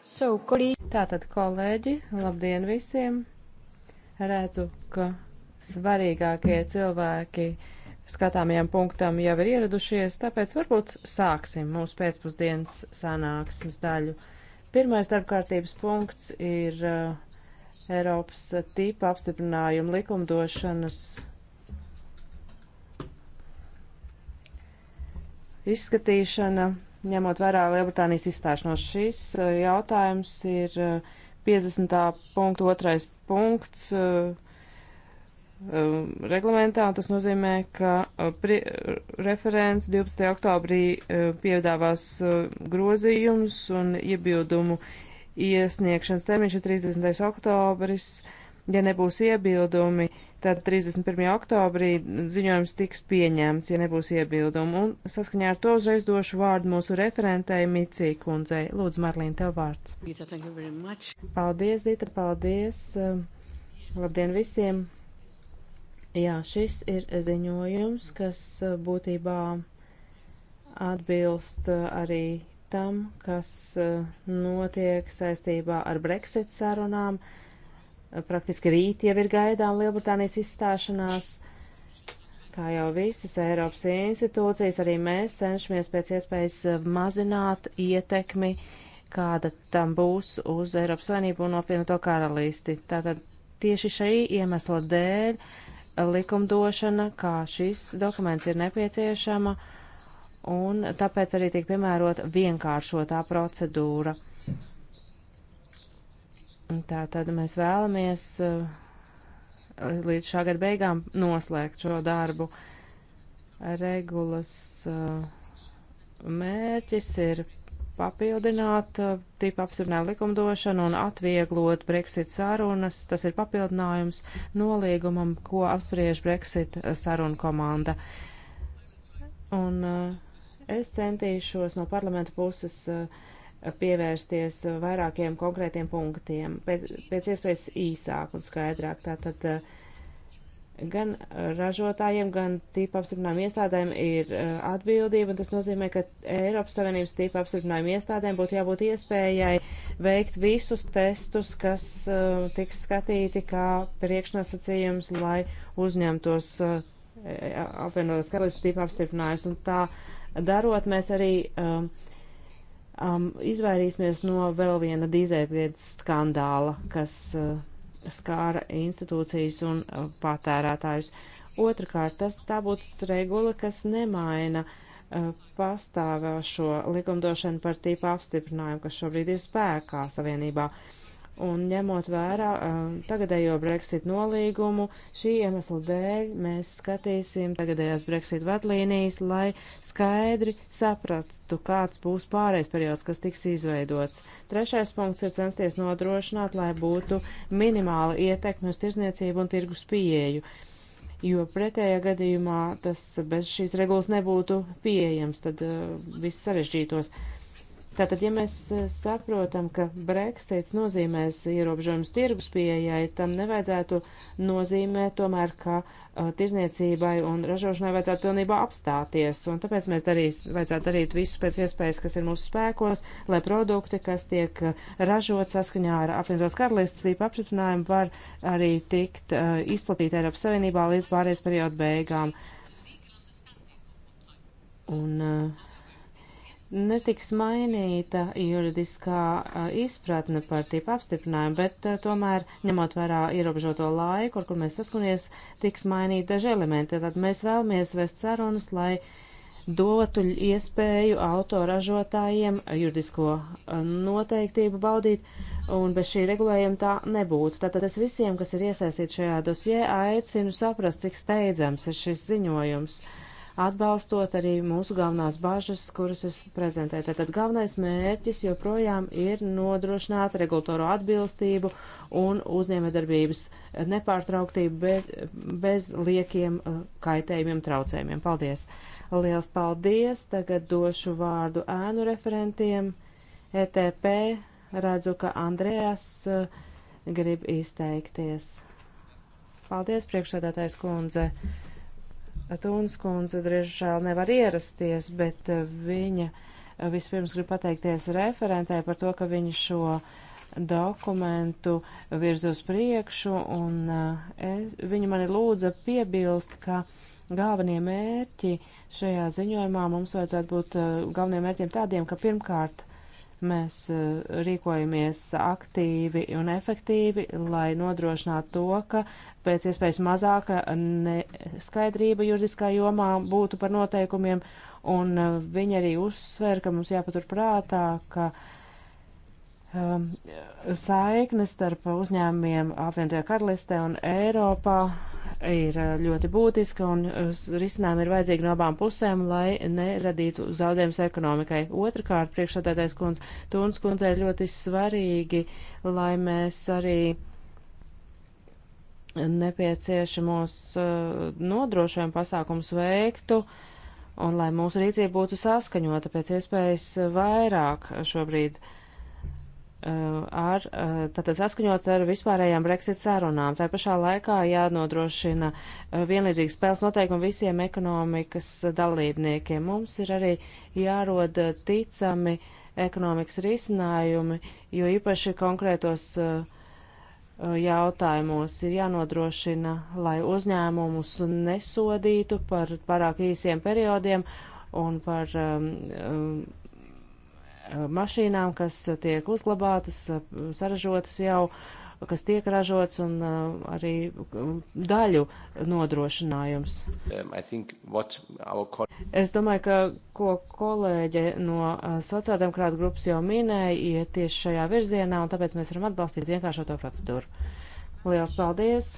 So, kolēģi. Tātad, kolēģi, labdien visiem! Redzu, ka svarīgākie cilvēki skatāmajam punktam jau ir ieradušies, tāpēc varbūt sāksim mūsu pēcpusdienas sanāksmes daļu. Pirmais darbkārtības punkts ir uh, Eiropas tīpa apstiprinājuma likumdošanas izskatīšana ņemot vērā Lielbritānijas izstāšanos. Šis uh, jautājums ir 50. Uh, punktu otrais punkts uh, um, reglamentā, un tas nozīmē, ka referents 12. oktobrī piedāvās grozījumus un iebildumu iesniegšanas termiņš ir 30. oktobris Ja nebūs iebildumi, tad 31. oktobrī ziņojums tiks pieņemts, ja nebūs iebildumi. Un saskaņā ar to uzreiz došu vārdu mūsu referentei Micī kundzei. Lūdzu, Marlīna, tev vārds. Dita, paldies, Dita, paldies. Um, labdien visiem. Jā, šis ir ziņojums, kas uh, būtībā atbilst uh, arī tam, kas uh, notiek saistībā ar Brexit sarunām. Uh, Praktiski rīt jau ir gaidām Lielbritānijas izstāšanās. Kā jau visas Eiropas institūcijas, arī mēs cenšamies pēc iespējas mazināt ietekmi, kāda tam būs uz Eiropas Savienību un apvienoto karalisti. Tātad tieši šī iemesla dēļ likumdošana, kā šis dokuments ir nepieciešama, un tāpēc arī tiek piemērota vienkāršotā procedūra. Tā tad mēs vēlamies uh, līdz šā gada beigām noslēgt šo darbu. Regulas uh, mērķis ir papildināt uh, tipu apstiprināt likumdošanu un atvieglot Brexit sarunas. Tas ir papildinājums nolīgumam, ko apspriež Brexit sarunu komanda. Un es centīšos no parlamenta puses uh, pievērsties vairākiem konkrētiem punktiem, pēc, pēc iespējas īsāk un skaidrāk. Tātad eh, gan ražotājiem, gan tīpa apstiprinājuma iestādēm ir eh, atbildība, un tas nozīmē, ka Eiropas Savienības tīpa apstiprinājuma iestādēm būtu jābūt iespējai veikt visus testus, kas uh, tiks skatīti kā priekšnosacījums, lai uzņemtos uh, apvienotās karalistas tīpa apstiprinājums. Un tā darot, mēs arī uh, um, izvairīsimies no vēl viena dīzēvietas skandāla, kas uh, skāra institūcijas un uh, patērētājus. Otrakārt, tas tā būtu regula, kas nemaina uh, pastāvēšo likumdošanu par tīpa apstiprinājumu, kas šobrīd ir spēkā savienībā. Uh, Un ņemot vērā uh, tagadējo Brexit nolīgumu, šī iemesla dēļ mēs skatīsim tagadējās Brexit vadlīnijas, lai skaidri saprastu, kāds būs pārējais periods, kas tiks izveidots. Trešais punkts ir censties nodrošināt, lai būtu minimāla ietekme uz tirzniecību un tirgus pieeju, jo pretējā gadījumā tas bez šīs regulas nebūtu pieejams, tad uh, viss sarežģītos. Uh, Tātad, ja mēs eh, saprotam, ka Brexits nozīmēs ierobežojums tirgus pieejai, tam nevajadzētu nozīmēt tomēr, ka uh, tirzniecībai un ražošanai vajadzētu pilnībā apstāties. Un tāpēc mēs darīs, vajadzētu darīt visu pēc iespējas, kas ir mūsu spēkos, lai produkti, kas tiek eh, ražot saskaņā ar apvienotās karalistas tīpa apstiprinājumu, var arī tikt uh, izplatīti Eiropas Savienībā līdz pārējais periodu beigām. Un, uh, netiks mainīta juridiskā izpratne par tipu apstiprinājumu, bet tomēr, ņemot vērā ierobežoto laiku, ar kur mēs saskunies, tiks mainīti daži elementi. Tad mēs vēlamies vest sarunas, lai dotu iespēju autoražotājiem juridisko noteiktību baudīt, un bez šī regulējuma tā nebūtu. Tātad es visiem, kas ir iesaistīti šajā dosjē, aicinu saprast, cik steidzams ir šis ziņojums. Uh, atbalstot arī mūsu galvenās bažas, kuras es prezentēju. Tātad galvenais mērķis joprojām ir nodrošināt regulatoro atbilstību un uzņēmējdarbības nepārtrauktību bez, bez liekiem eh, kaitējumiem, traucējumiem. Paldies! Liels paldies! Tagad došu vārdu ēnu referentiem. ETP redzu, ka Andrējas eh, grib izteikties. Paldies, priekšsēdētājs kundze! Mm. Tūnas kundze drīzāk nevar ierasties, bet eh, viņa eh, vispirms grib pateikties referentē par to, ka viņa šo dokumentu virz uz priekšu, un eh, es, viņa mani lūdza piebilst, ka galvenie mērķi šajā ziņojumā mums vajadzētu būt galveniem mērķiem tādiem, ka pirmkārt Mēs eh, rīkojamies aktīvi un efektīvi, lai nodrošinātu to, ka pēc iespējas mazāka neskaidrība juridiskā jomā būtu par noteikumiem, un eh, viņi arī uzsver, ka mums jāpatur prātā, ka uh, um, saiknes starp uzņēmumiem apvienotajā karalistē un Eiropā ir uh, ļoti būtiska un uh, risinājumi ir vajadzīgi no abām pusēm, lai neradītu zaudējumus ekonomikai. Otrakārt, priekšsādātais kundze, Tūns kundze ir ļoti svarīgi, lai mēs arī nepieciešamos uh, nodrošojumu pasākums veiktu un lai mūsu rīcība būtu saskaņota pēc iespējas vairāk šobrīd Uh, ar, uh, tātad saskaņot ar vispārējām Brexit sarunām. Tā pašā laikā jānodrošina uh, vienlīdzīgas spēles noteikumi visiem ekonomikas dalībniekiem. Mums ir arī jārod ticami ekonomikas risinājumi, jo īpaši konkrētos jautājumos ir jānodrošina, lai uzņēmumus nesodītu par pārāk īsiem periodiem un par um, um Uh, mašīnām, kas tiek uzglabātas, uh, saražotas jau, kas tiek ražots un uh, arī daļu nodrošinājums. Um, our... Es domāju, ka ko kolēģe no sociāldemokrāta grupas jau minēja, iet tieši šajā virzienā, un tāpēc mēs varam atbalstīt vienkāršoto procedūru. Lielas paldies!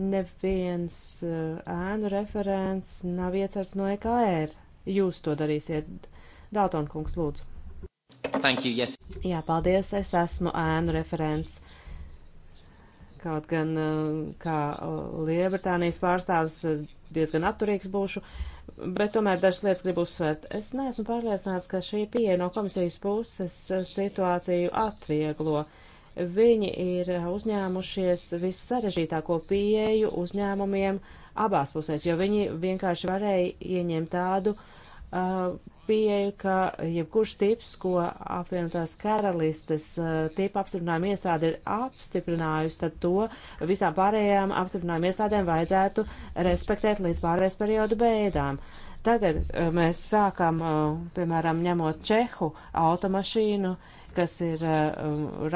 Neviens ēnu referents nav iecerts no EKR. Jūs to darīsiet. Daltonkungs, lūdzu. Thank you, yes. Jā, paldies, es esmu ēnu referents. Kaut gan eh, kā eh, Liebritānijas pārstāvis eh, diezgan atturīgs būšu, bet tomēr dažas lietas gribu uzsvērt. Es neesmu pārliecināts, ka šī pieeja no komisijas puses situāciju atvieglo. Viņi ir uzņēmušies vissarežģītāko pieeju uzņēmumiem abās pusēs, jo viņi vienkārši varēja ieņemt tādu uh, Uh, pieeja, ka jebkurš tips, ko apvienotās karalistes uh, tipa apstiprinājuma iestāde ir apstiprinājusi, tad to visām pārējām apstiprinājuma iestādēm vajadzētu respektēt līdz pārējais periodu beidām. Tagad uh, mēs sākam, piemēram, ņemot Čehu automašīnu, kas ir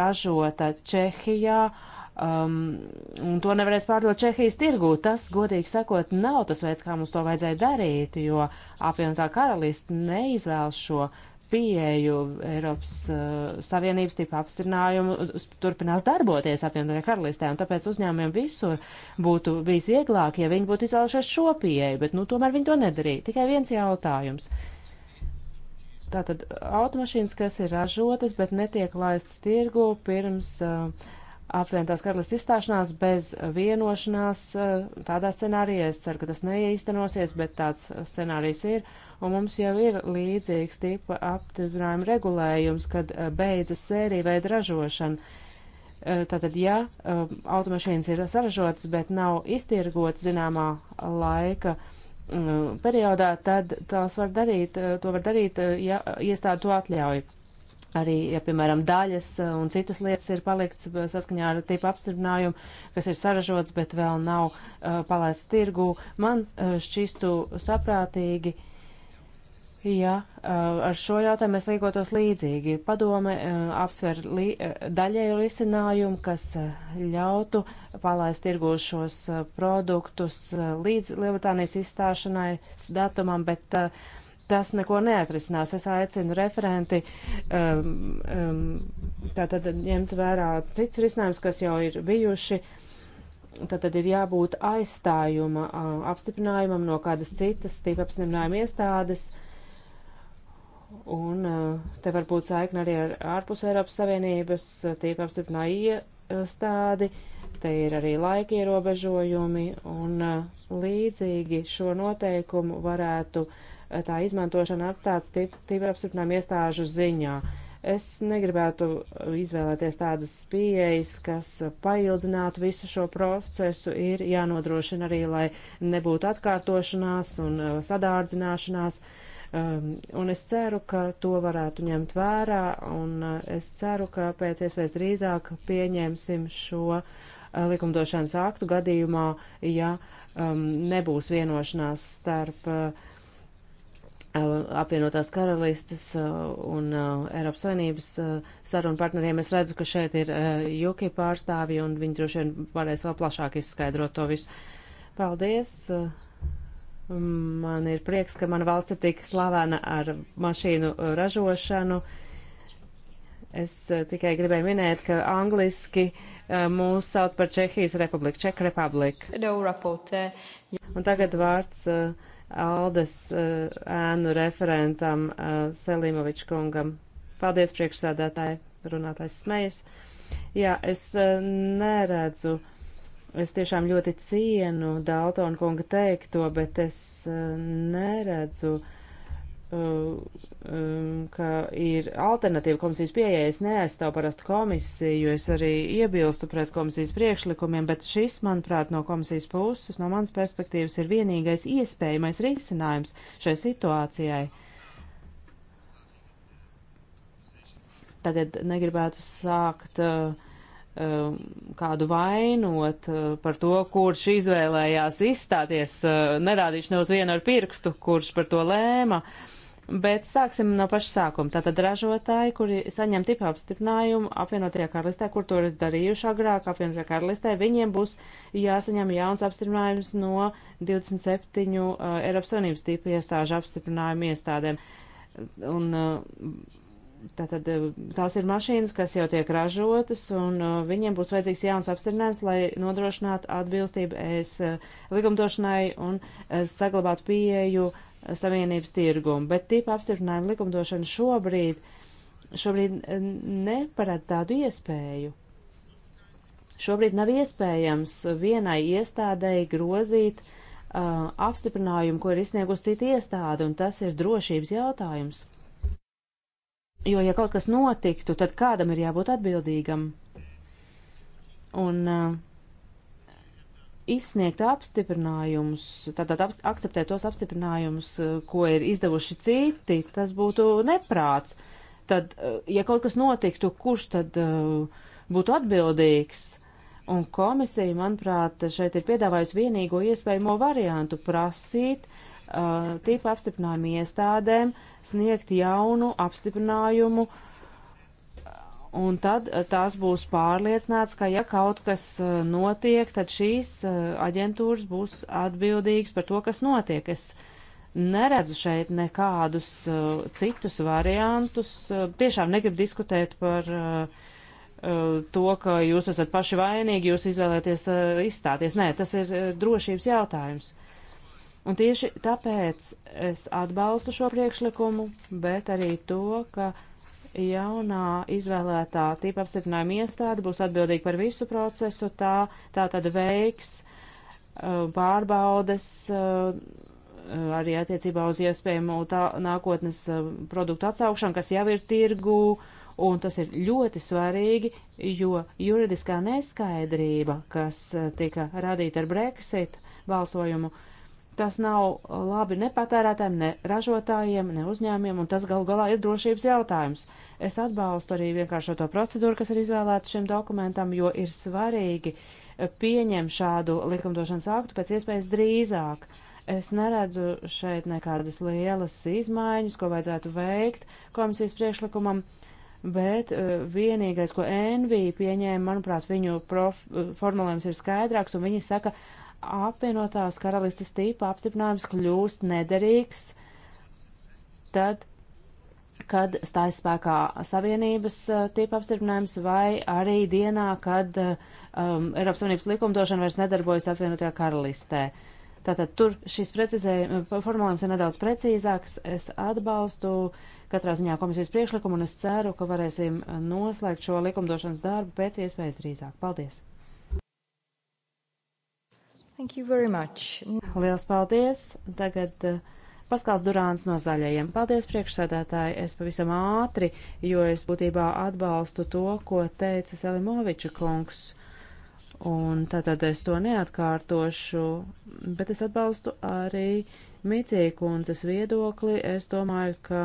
ražota Čehijā, uh, um, un to nevarēs pārdot Čehijas tirgū. Tas, godīgi sakot, nav tas veids, kā mums to vajadzēja darīt, jo apvienotā karalista neizvēlas šo pieeju Eiropas uh, Savienības tipu apstiprinājumu turpinās darboties apvienotajā karalistē, un tāpēc uzņēmumiem visur būtu bijis vieglāk, ja viņi būtu izvēlušies šo pieeju, bet, nu, tomēr viņi to nedarīja. Tikai viens jautājums. Tātad automašīnas, kas ir ražotas, bet netiek laistas tirgu pirms uh, apvienotās karalistas izstāšanās bez vienošanās eh, tādā scenārijā. Es ceru, ka tas neieiztenosies, bet tāds scenārijs ir. Un mums jau ir līdzīgs tipa aptuzinājuma regulējums, kad eh, beidzas sērija veida ražošana. Eh, tātad, ja automašīnas ir saražotas, bet nav iztirgotas zināmā laika periodā, tad tās var darīt, to var darīt, ja iestāde to atļauj. Arī, ja, piemēram, daļas eh, un citas lietas ir palikts eh, saskaņā ar tipu apstiprinājumu, kas ir saražots, bet vēl nav uh, palaists tirgū, man uh, šķistu saprātīgi, ja uh, ar šo jautājumu mēs rīkotos līdzīgi. Padome uh, apsver li, uh, daļēju risinājumu, kas uh, ļautu palaist tirgū šos uh, produktus uh, līdz Lielbritānijas izstāšanai datumam, bet uh, tas neko neatrisinās. Es aicinu referenti um, um, tātad ņemt vērā cits risinājums, kas jau ir bijuši. Tātad ir jābūt aizstājuma uh, apstiprinājumam no kādas citas tīpa apstiprinājuma iestādes. Un uh, te var būt saikna arī ar ārpus Eiropas Savienības uh, tīpa apstiprinājuma iestādi. Te ir arī laika ierobežojumi un uh, līdzīgi šo noteikumu varētu uh, tā izmantošana atstāt stipri apstiprinām iestāžu ziņā. Es negribētu izvēlēties tādas pieejas, kas paildzinātu visu šo procesu. Ir jānodrošina arī, lai nebūtu atkārtošanās un uh, sadārdzināšanās. Um, un es ceru, ka to varētu ņemt vērā, un uh, es ceru, ka pēc iespējas drīzāk pieņemsim šo uh, likumdošanas aktu gadījumā, ja um, nebūs vienošanās starp uh, Uh, apvienotās karalistas uh, un uh, Eiropas Savienības sarunu partneriem. Es redzu, ka šeit ir UK pārstāvji, un viņi droši vien varēs vēl plašāk izskaidrot to visu. Paldies! Man ir prieks, ka mana valsts ir tik slavena ar mašīnu ražošanu. Es tikai gribēju minēt, ka angliski mūs sauc par Čehijas republiku, Czech Republic. Un tagad vārds uh, Aldes eh, ēnu referentam eh, Selimoviču kungam. Paldies, priekšsēdētāji, runātājs smejas. Jā, es eh, neredzu. Es tiešām ļoti cienu Daltonu kunga teikto, bet es neredzu uh, Um, um, ka ir alternatīva komisijas pieeja, es neaizstāvu parastu komisiju, jo es arī iebilstu pret komisijas priekšlikumiem, bet šis, manuprāt, no komisijas puses, no manas perspektīvas, ir vienīgais iespējamais risinājums šai situācijai. Tagad negribētu sākt uh, Um, kādu vainot uh, par to, kurš izvēlējās izstāties, uh, nerādīšu ne uz vienu ar pirkstu, kurš par to lēma. Bet sāksim no paša sākuma. Tātad ražotāji, kuri saņem tipa apstiprinājumu apvienotajā karalistē, kur to ir darījuši agrāk apvienotajā karalistē, viņiem būs jāsaņem jauns apstiprinājums no 27 uh, Eiropas Savienības tipa iestāžu apstiprinājumu iestādēm. Un uh, Tātad eh, tās ir mašīnas, kas jau tiek ražotas, un eh, viņiem būs vajadzīgs jauns apstiprinājums, lai nodrošinātu atbilstību ES eh, likumdošanai un saglabātu pieeju savienības tirgumu. Bet tīpa apstiprinājuma likumdošana šobrīd, šobrīd neparāda tādu iespēju. Šobrīd nav iespējams vienai iestādēji grozīt uh, apstiprinājumu, ko ir izsniegusi cita iestāde, un tas ir drošības jautājums. Jo, ja kaut kas notiktu, tad kādam ir jābūt atbildīgam. Un uh, izsniegt apstiprinājumus, tātad apst akceptēt tos apstiprinājumus, uh, ko ir izdevuši citi, tas būtu neprāts. Tad, uh, ja kaut kas notiktu, kurš tad uh, būtu atbildīgs? Un komisija, manuprāt, šeit ir piedāvājusi vienīgo iespējamo variantu prasīt uh, Uh, tīpa apstiprinājumu iestādēm sniegt jaunu apstiprinājumu, un tad uh, tās būs pārliecināts, ka ja kaut kas uh, notiek, tad šīs aģentūras būs atbildīgas par to, kas notiek. Es neredzu šeit nekādus citus variantus. Tiešām negribu diskutēt par to, ka jūs esat paši vainīgi, jūs izvēlēties izstāties. Nē, tas ir drošības jautājums. Uh, Un tieši tāpēc es atbalstu šo priekšlikumu, bet arī to, ka jaunā izvēlētā tipa apstiprinājuma iestāde būs atbildīga par visu procesu, tā, tā tad veiks uh, pārbaudes uh, arī attiecībā uz iespējamu tā, nākotnes uh, produktu atsaukšanu, kas jau ir tirgū, un tas ir ļoti svarīgi, jo juridiskā neskaidrība, kas tika radīta ar Brexit balsojumu, uh, Tas nav uh, labi ne patērētājiem, ne ražotājiem, ne uzņēmiem, un tas galu galā ir drošības jautājums. Es atbalstu arī vienkāršo to procedūru, kas ir izvēlēta šim dokumentam, jo ir svarīgi uh, pieņemt šādu likumdošanas aktu pēc iespējas drīzāk. Es neredzu šeit nekādas lielas izmaiņas, ko vajadzētu veikt komisijas priekšlikumam bet uh, vienīgais, ko NV pieņēma, manuprāt, viņu prof, uh, formulējums ir skaidrāks, un viņi saka, apvienotās karalistes tīpa apstiprinājums kļūst nederīgs, tad, kad stājas spēkā savienības eh, tīpa apstiprinājums vai arī dienā, kad eh, um, Eiropas Savienības likumdošana vairs nedarbojas apvienotajā karalistē. Tātad tur šis eh, formulējums ir nedaudz precīzāks. Es atbalstu katrā ziņā komisijas priekšlikumu un es ceru, ka varēsim noslēgt šo likumdošanas darbu pēc iespējas drīzāk. Paldies! Thank you very much. Liels paldies. Tagad uh, eh, Paskāls Durāns no zaļajiem. Paldies, priekšsēdētāji. Es pavisam ātri, jo es būtībā atbalstu to, ko teica Selimoviča kungs. Un tātad es to neatkārtošu, bet es atbalstu arī Micīja kundzes viedokli. Es domāju, ka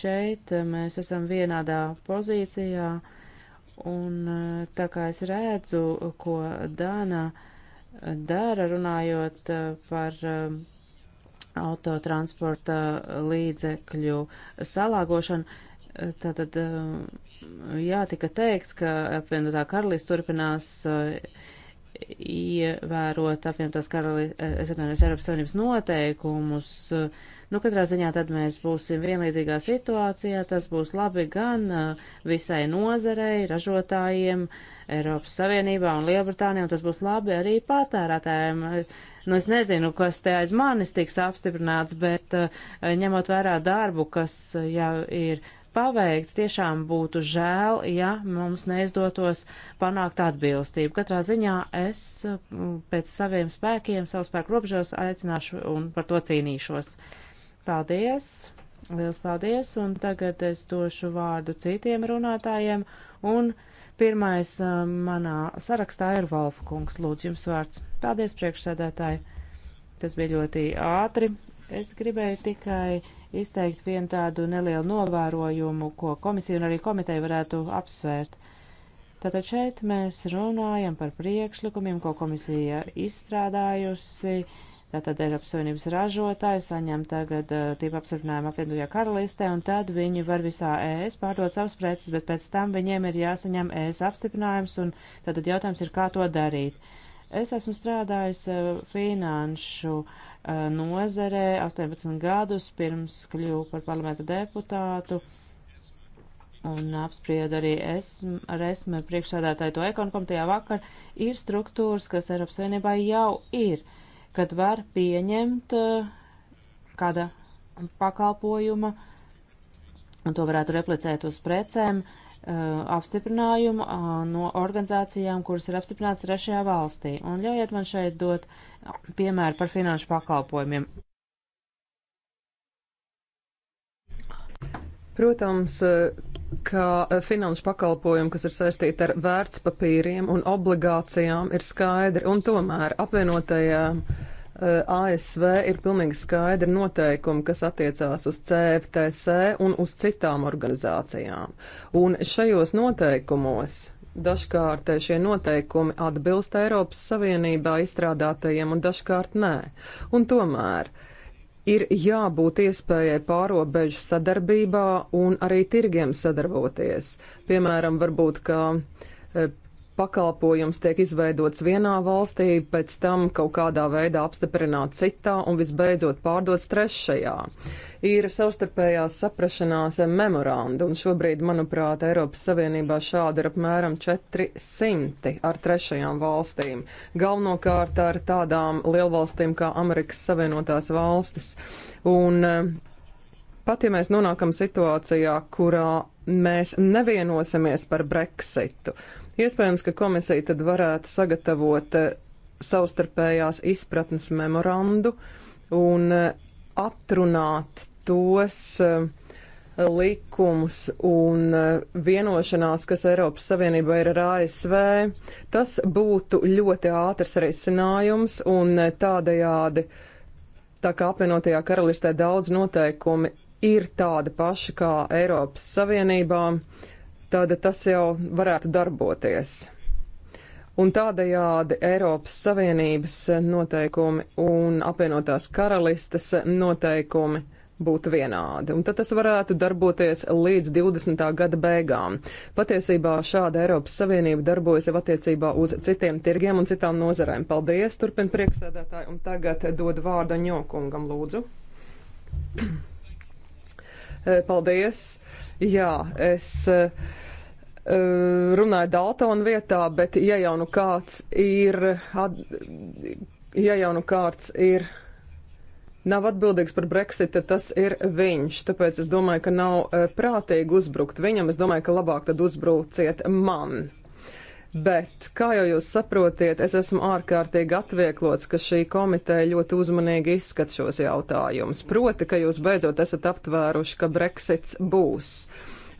šeit eh, mēs esam vienādā pozīcijā. Un eh, tā kā es redzu, ko Dāna dara, runājot eh, par eh, autotransporta eh, līdzekļu salāgošanu. Tātad, jā, tika teikts, ka apvienotā karalīs turpinās ievērot apvienotās karalīs, es atvainojos, Eiropas Savienības noteikumus, uh, Nu, katrā ziņā tad mēs būsim vienlīdzīgā situācijā, tas būs labi gan visai nozarei, ražotājiem, Eiropas Savienībā un Lielbritānijā, un tas būs labi arī patērētājiem. Nu, es nezinu, kas te aiz manis tiks apstiprināts, bet ņemot vērā darbu, kas jau ir paveikts, tiešām būtu žēl, ja mums neizdotos panākt atbilstību. Katrā ziņā es pēc saviem spēkiem, savu spēku robežos aicināšu un par to cīnīšos. Paldies! Liels paldies! Un tagad es došu vārdu citiem runātājiem. Un pirmais uh, manā sarakstā ir Valfa kungs. Lūdzu, jums vārds. Paldies, priekšsēdētāji! Tas bija ļoti ātri. Es gribēju tikai izteikt vienu tādu nelielu novērojumu, ko komisija un arī komiteja varētu apsvērt. Tātad šeit mēs runājam par priekšlikumiem, ko komisija izstrādājusi Tātad Eiropas Savienības ražotāji saņem tagad uh, tīpa apstiprinājumu apvienotajā karalistē, un tad viņi var visā ES pārdot savas preces, bet pēc tam viņiem ir jāsaņem ES apstiprinājums, un tātad jautājums ir, kā to darīt. Es esmu strādājis uh, finanšu uh, nozerē 18 gadus pirms kļuvu par parlamenta deputātu un apsprieda arī es, ar esmu priekšsādātāju to ekonomitejā vakar, ir struktūras, kas Eiropas Savienībā jau ir. Uh, kad var pieņemt eh, kāda pakalpojuma, un to varētu replicēt uz precēm, eh, apstiprinājumu no organizācijām, kuras ir apstiprināts trešajā valstī. Un ļaujiet man šeit dot piemēru par finanšu pakalpojumiem. Protams, ka eh, finanšu pakalpojumi, kas ir saistīti ar vērtspapīriem un obligācijām, ir skaidri, un tomēr apvienotajā eh, ASV ir pilnīgi skaidri noteikumi, kas attiecās uz CFTC un uz citām organizācijām. Un šajos noteikumos Dažkārt eh, šie noteikumi atbilst Eiropas Savienībā izstrādātajiem un dažkārt nē. Un tomēr ir jābūt iespējai pārobežu sadarbībā un arī tirgiem sadarboties. Piemēram, varbūt, ka eh, pakalpojums tiek izveidots vienā valstī, pēc tam kaut kādā veidā apstiprināts citā un visbeidzot pārdots trešajā. Ir savstarpējās saprašanās memoranda, un šobrīd, manuprāt, Eiropas Savienībā šādi ir apmēram 400 ar trešajām valstīm, galvenokārt ar tādām lielvalstīm kā Amerikas Savienotās valstis. Un, eh, Pat ja mēs nonākam situācijā, kurā mēs nevienosimies par Brexitu, Iespējams, ka komisija tad varētu sagatavot eh, savstarpējās izpratnes memorandu un eh, atrunāt tos eh, likumus un vienošanās, kas Eiropas Savienībā ir ar ASV. Tas būtu ļoti ātrs risinājums un tādējādi, tā kā apvienotajā karalistē daudz noteikumi ir tādi paši kā Eiropas Savienībā, uh, tad tas jau varētu darboties. Un tādējādi Eiropas Savienības noteikumi un apvienotās karalistes noteikumi būtu vienādi, un tad tas varētu darboties līdz 20. gada beigām. Patiesībā šāda Eiropas Savienība darbojas jau attiecībā uz citiem tirgiem un citām nozarēm. Paldies, turpin priekšsēdētāji, un tagad dod vārdu ņokungam, lūdzu. Paldies! Jā, es. Uh, runāju Daltona vietā, bet ja jau nu kāds ir, ad, ja jau nu kāds ir, nav atbildīgs par Brexit, tad tas ir viņš. Tāpēc es domāju, ka nav eh, prātīgi uzbrukt viņam. Es domāju, ka labāk tad uzbruciet man. Bet, kā jau jūs saprotiet, es esmu ārkārtīgi atvieglots, ka šī komiteja ļoti uzmanīgi izskat šos jautājumus. Proti, ka jūs beidzot esat aptvēruši, ka Brexits būs.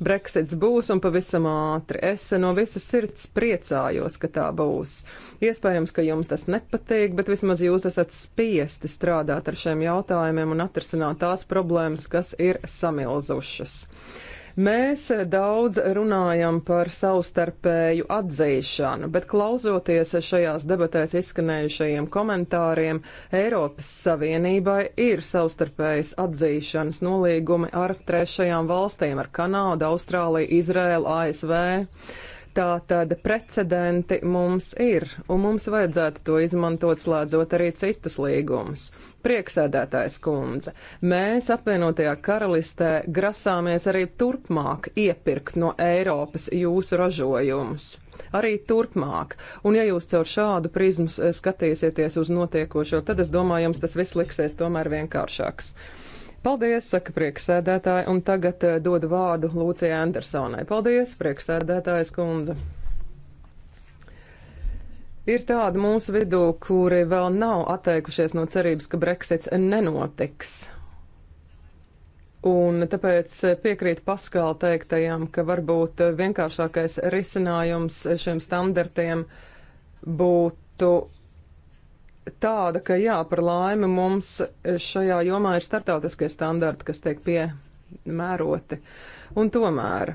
Brexits būs un pavisam ātri. Es no visas sirds priecājos, ka tā būs. Iespējams, ka jums tas nepatīk, bet vismaz jūs esat spiesti strādāt ar šiem jautājumiem un atrisināt tās problēmas, kas ir samilzušas. Mēs eh, daudz runājam par savstarpēju atzīšanu, bet klausoties šajās debatēs izskanējušajiem komentāriem, Eiropas Savienībai ir savstarpējas atzīšanas nolīgumi ar trešajām valstīm - ar Kanādu, Austrāliju, Izrēlu, ASV. Tā tad precedenti mums ir, un mums vajadzētu to izmantot, slēdzot arī citus līgumus. Prieksēdētājs kundze, mēs apvienotajā karalistē grasāmies arī turpmāk iepirkt no Eiropas jūsu ražojumus. Arī turpmāk. Un ja jūs caur šādu prizmu skatīsieties uz notiekošo, tad es domāju, jums tas viss liksies tomēr vienkāršāks. Paldies, saka prieksēdētāji, un tagad eh, dodu vārdu Lūcijai Andersonai. Paldies, prieksēdētājas kundze. Ir tādi mūsu vidū, kuri vēl nav atteikušies no cerības, ka Brexits nenotiks. Un tāpēc piekrīt Paskāla teiktajam, ka varbūt vienkāršākais risinājums šiem standartiem būtu tāda, ka jā, par laimi mums šajā jomā ir startautiskie standarti, kas tiek piemēroti. Un tomēr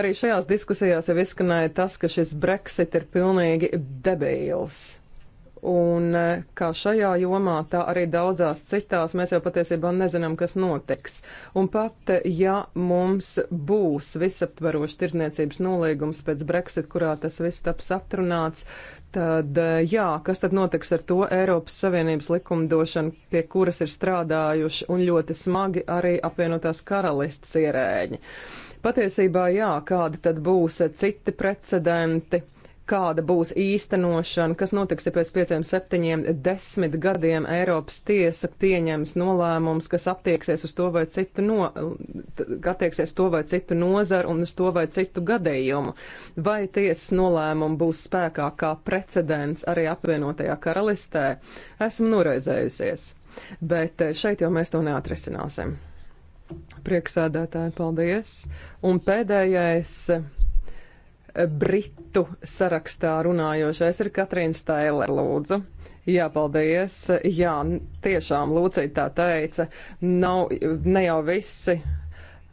arī šajās diskusijās jau izskanēja tas, ka šis Brexit ir pilnīgi debīls. Un e, kā šajā jomā, tā arī daudzās citās mēs jau patiesībā nezinām, kas notiks. Un pat ja mums būs visaptvarošs tirzniecības nolīgums pēc Brexit, kurā tas viss taps atrunāts, Tad, eh, jā, kas tad notiks ar to Eiropas Savienības likumdošanu, pie kuras ir strādājuši un ļoti smagi arī apvienotās karalistas ierēģi? Patiesībā, jā, kādi tad būs citi precedenti, kāda būs īstenošana, kas notiks, ja pēc pieciem, septiņiem, desmit gadiem Eiropas tiesa pieņems nolēmums, kas attieksies uz to vai citu, no, attieksies to vai citu nozaru un uz to vai citu gadījumu. Vai tiesas nolēmumu būs spēkā kā precedents arī apvienotajā karalistē? Esmu noraizējusies, bet eh, šeit jau mēs to neatrisināsim. Prieksēdētāji, paldies! Un pēdējais Britu sarakstā runājošais ir Katrīna Steiler, lūdzu. Jā, paldies. Jā, tiešām Lūcija tā teica, nav, ne jau visi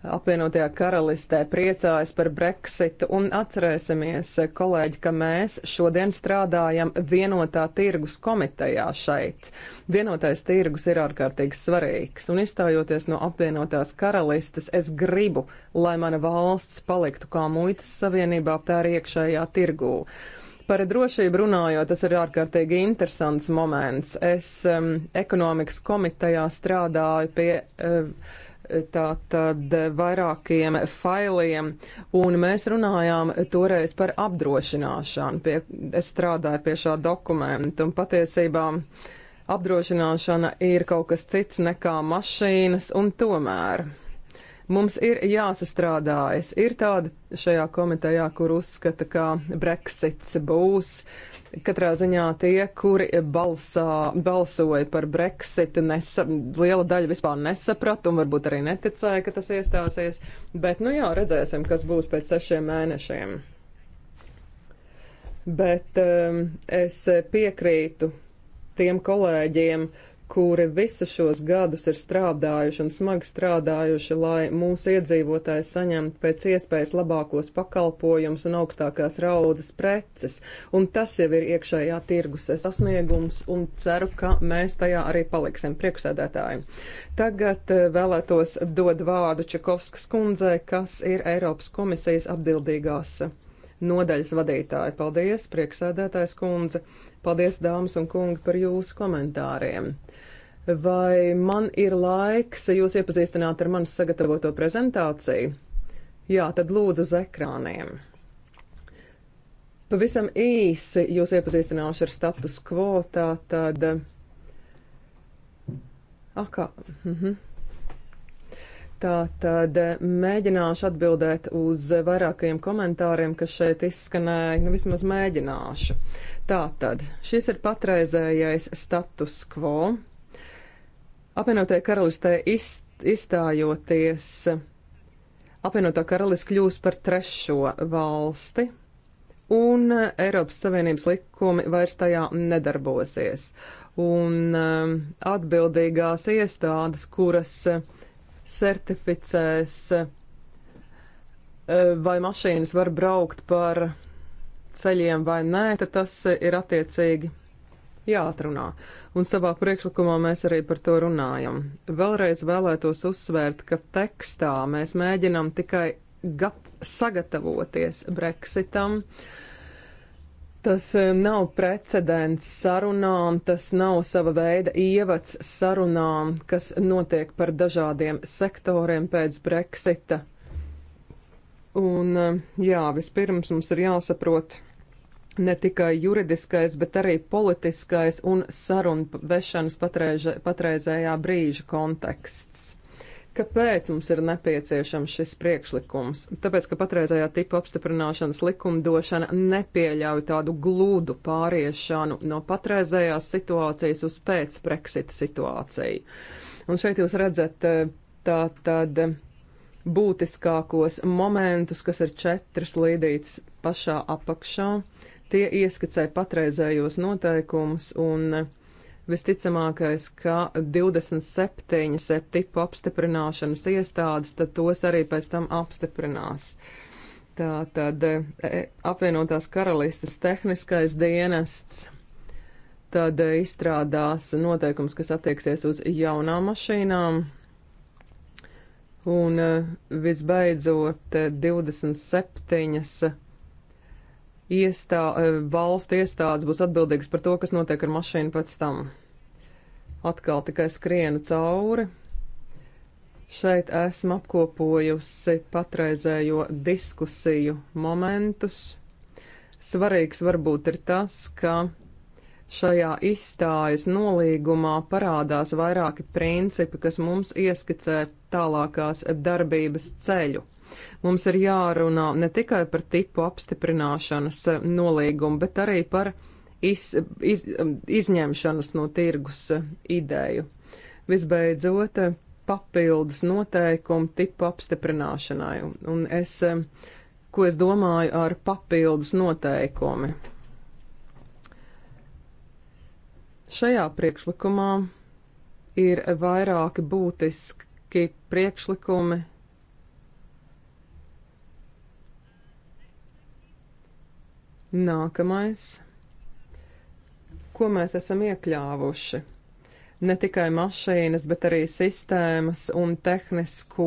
apvienotajā karalistē priecājas par Brexitu un atcerēsimies, kolēģi, ka mēs šodien strādājam vienotā tirgus komitejā šeit. Vienotais tirgus ir ārkārtīgi svarīgs un izstājoties no apvienotās karalistes, es gribu, lai mana valsts paliktu kā muitas savienībā tā ir iekšējā tirgū. Par drošību runājot, tas ir ārkārtīgi interesants moments. Es um, ekonomikas komitejā strādāju pie uh, um, tātad vairākiem failiem, un mēs runājām toreiz par apdrošināšanu. Pie, es strādāju pie šā dokumenta, un patiesībā apdrošināšana ir kaut kas cits nekā mašīnas, un tomēr mums ir jāsastrādājas. Ir tāda šajā komitejā, kur uzskata, ka Brexits būs, Katrā ziņā tie, kuri balsā, balsoja par Brexitu, nesa, liela daļa vispār nesaprata un varbūt arī neticēja, ka tas iestāsies. Bet, nu jā, redzēsim, kas būs pēc sešiem mēnešiem. Bet um, es piekrītu tiem kolēģiem, uh, kuri visu šos gadus ir strādājuši un smagi strādājuši, lai mūsu iedzīvotāji saņemtu pēc iespējas labākos pakalpojumus un augstākās raudzes preces. Un tas jau ir iekšējā tirgus sasniegums un ceru, ka mēs tajā arī paliksim priekšsēdētāji. Tagad eh, vēlētos dod vārdu Čekovskas kundzei, kas ir Eiropas komisijas atbildīgās nodaļas vadītāji. Paldies, prieksēdētājs kundze. Paldies, dāmas un kungi, par jūsu komentāriem. Vai man ir laiks jūs iepazīstināt ar manas sagatavoto prezentāciju? Jā, tad lūdzu uz ekrāniem. Pavisam īsi jūs iepazīstināšu ar status quo, tā tad. Akā. Mhm. Mm Tā tad mēģināšu atbildēt uz vairākajiem komentāriem, kas šeit izskanēja. Nu, vismaz mēģināšu. Tā tad šis ir patreizējais status quo. Apvienotajā karalistē iz, izstājoties, apvienotā karalis kļūs par trešo valsti, un Eiropas Savienības likumi vairs tajā nedarbosies. Un um, atbildīgās iestādes, kuras uh, certificēs, eh, vai mašīnas var braukt par ceļiem vai nē, tad tas ir attiecīgi jāatrunā. Un savā priekšlikumā mēs arī par to runājam. Vēlreiz vēlētos uzsvērt, ka tekstā mēs mēģinam tikai gat, sagatavoties Brexitam. Uh, Tas eh, nav precedents sarunām, tas nav sava veida ievads sarunām, kas notiek par dažādiem sektoriem pēc Brexita. Un eh, jā, vispirms mums ir jāsaprot ne tikai juridiskais, bet arī politiskais un sarunu vešanas patreiz, patreizējā brīža konteksts. Kāpēc mums ir nepieciešams šis priekšlikums? Tāpēc, ka patreizējā tipa apstiprināšanas likumdošana nepieļauj tādu glūdu pāriešanu no patreizējās situācijas uz pēc-Brexit situāciju. Un šeit jūs redzat eh, tā tad būtiskākos momentus, kas ir četras līdītas pašā apakšā. Tie ieskicē patreizējos noteikumus un Visticamākais, ka 27 tipu apstiprināšanas iestādes, tad tos arī pēc tam apstiprinās. Tā tad e, apvienotās karalistas tehniskais dienests tad izstrādās noteikums, kas attieksies uz jaunām mašīnām. Un e, visbeidzot, 27 e, iestā, valstu iestādes būs atbildīgas par to, kas notiek ar mašīnu pēc tam atkal tikai skrienu cauri. Šeit esmu apkopojusi patreizējo diskusiju momentus. Svarīgs varbūt ir tas, ka šajā izstājas nolīgumā parādās vairāki principi, kas mums ieskicē tālākās darbības ceļu. Mums ir jārunā ne tikai par tipu apstiprināšanas nolīgumu, bet arī par iz, iz, um, izņemšanas no tirgus uh, ideju. Visbeidzot, uh, papildus noteikumu tipu apstiprināšanai. Un es, uh, ko es domāju ar papildus noteikumi? Šajā priekšlikumā ir vairāki būtiski priekšlikumi. Nākamais ko mēs esam iekļāvuši. Ne tikai mašīnas, bet arī sistēmas un tehnisko,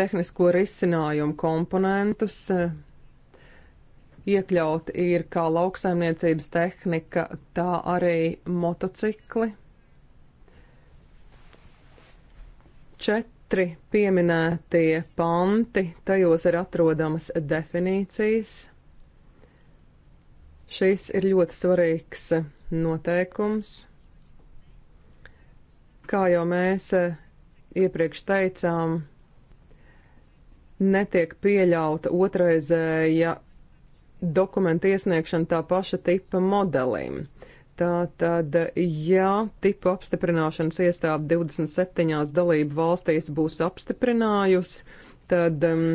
tehnisko risinājumu komponentus iekļaut ir kā lauksaimniecības tehnika, tā arī motocikli. Četri pieminētie panti, tajos ir atrodamas definīcijas. Šis ir ļoti svarīgs noteikums. Kā jau mēs eh, iepriekš teicām, netiek pieļauta otraizēja dokumentu iesniegšana tā paša tipa modelim. Tātad, ja tipu apstiprināšanas iestāde 27 dalību valstīs būs apstiprinājusi, tad um,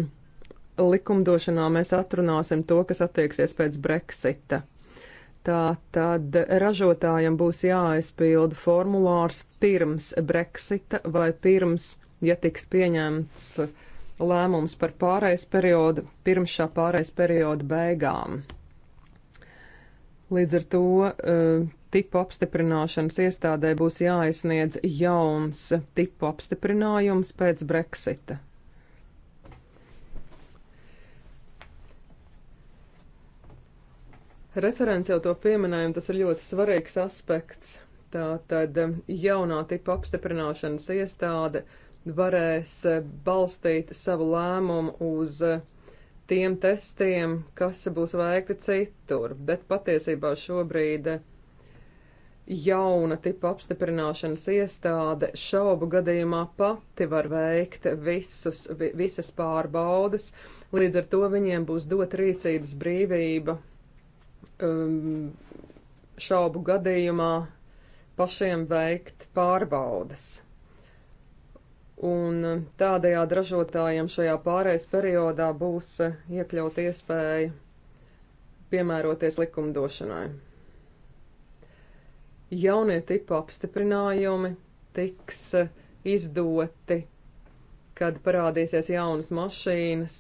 likumdošanā mēs atrunāsim to, kas attieksies pēc Brexita. Tā tad ražotājiem būs jāaizpilda formulārs pirms Brexita vai pirms, ja tiks pieņemts lēmums par pārējais periodu, pirms šā pārējais perioda beigām. Līdz ar to e, tipu apstiprināšanas iestādē būs jāizsniedz jauns tipu apstiprinājums pēc Brexita. Referents jau to pieminējumu, tas ir ļoti svarīgs aspekts. Tātad um, jaunā tipa apstiprināšanas iestāde varēs uh, balstīt savu lēmumu uz uh, tiem testiem, kas būs veikti citur, bet patiesībā šobrīd uh, jauna tipa apstiprināšanas iestāde šaubu gadījumā pati var veikt visus, vi, visas pārbaudas, līdz ar to viņiem būs dot rīcības brīvība um, šaubu gadījumā pašiem veikt pārbaudas. Un um, tādējādi ražotājiem šajā pārejas periodā būs uh, iekļaut iespēja piemēroties likumdošanai. Jaunie tipu apstiprinājumi tiks uh, izdoti kad parādīsies jaunas mašīnas,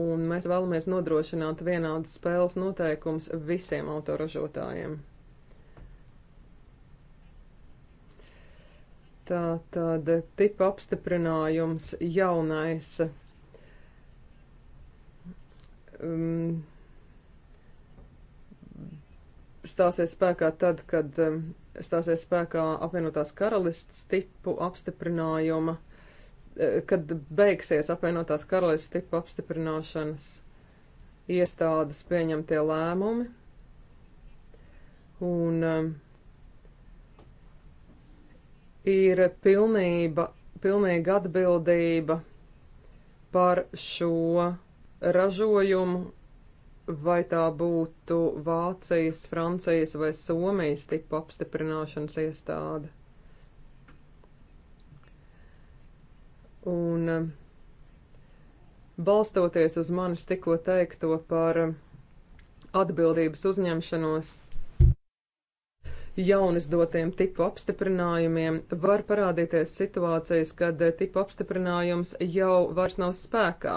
un mēs vēlamies nodrošināt vienādas spēles noteikums visiem autoražotājiem. Tā tad tipa apstiprinājums jaunais. Um, stāsies spēkā tad, kad um, stāsies spēkā apvienotās karalists tipu apstiprinājuma Eh, kad beigsies apvienotās karalistas tipu apstiprināšanas iestādes pieņemtie lēmumi. Un um, ir pilnība, pilnīga atbildība par šo ražojumu, vai tā būtu Vācijas, Francijas vai Somijas tipu apstiprināšanas iestāde. Un um, balstoties uz manis tikko teikto par um, atbildības uzņemšanos jaunisdotiem tipu apstiprinājumiem, var parādīties situācijas, kad uh, tipu apstiprinājums jau vairs nav spēkā.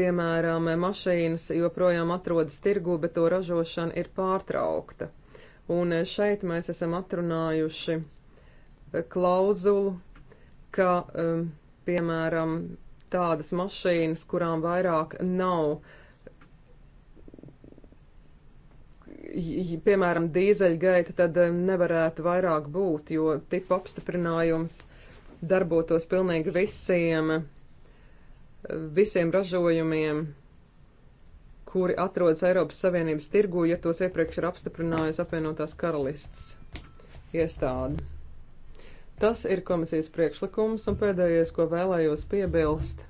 Piemēram, mašīnas joprojām atrodas tirgu, bet to ražošana ir pārtraukta. Un uh, šeit mēs esam atrunājuši uh, klauzulu, ka um, piemēram, tādas mašīnas, kurām vairāk nav, piemēram, dīzeļgaita, tad eh, nevarētu vairāk būt, jo tipu apstiprinājums darbotos pilnīgi visiem, visiem ražojumiem, kuri atrodas Eiropas Savienības tirgu, ja tos iepriekš ir apstiprinājusi apvienotās karalists iestāde. Tas ir komisijas priekšlikums, un pēdējais, ko vēlējos piebilst,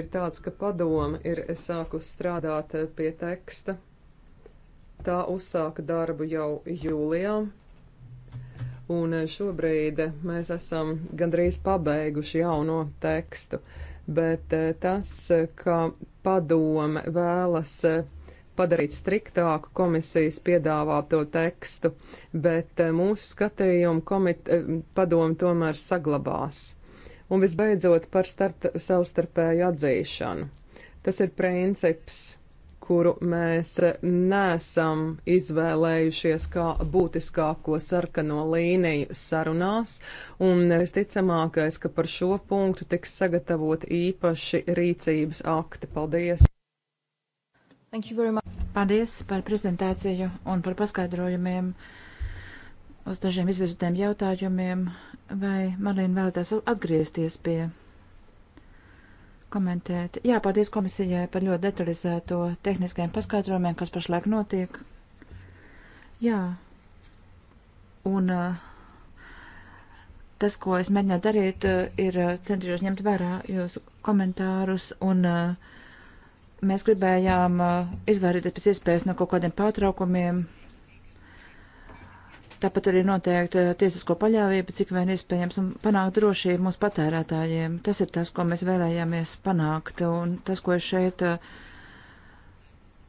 ir tāds, ka padome ir sākus strādāt pie teksta. Tā uzsāka darbu jau jūlijā, un šobrīd mēs esam gandrīz pabeiguši jauno tekstu, bet tas, ka padome vēlas padarīt striktāku komisijas piedāvāto tekstu, bet eh, mūsu skatījumu komit, eh, padomu tomēr saglabās. Un visbeidzot par starp, savstarpēju atzīšanu. Tas ir princips, kuru mēs eh, nesam izvēlējušies kā būtiskāko sarkano līniju sarunās, un visticamākais, ka par šo punktu tiks sagatavot īpaši rīcības akti. Paldies! Paldies par prezentāciju un par paskaidrojumiem uz dažiem izvirzītiem jautājumiem. Vai Marlīna vēlētās atgriezties pie komentēt? Jā, paldies komisijai par ļoti detalizēto tehniskajiem paskaidrojumiem, kas pašlaik notiek. Jā. Un uh, tas, ko es mēģināju darīt, eh, ir eh, centīšos ņemt vērā jūsu komentārus un uh, Mēs gribējām uh, izvairīties pēc iespējas no kaut kādiem pārtraukumiem. Tāpat arī noteikti uh, tiesisko paļāvību, cik vien iespējams, un panākt drošību mūsu patērētājiem. Tas ir tas, ko mēs vēlējāmies panākt, un tas, ko es šeit uh,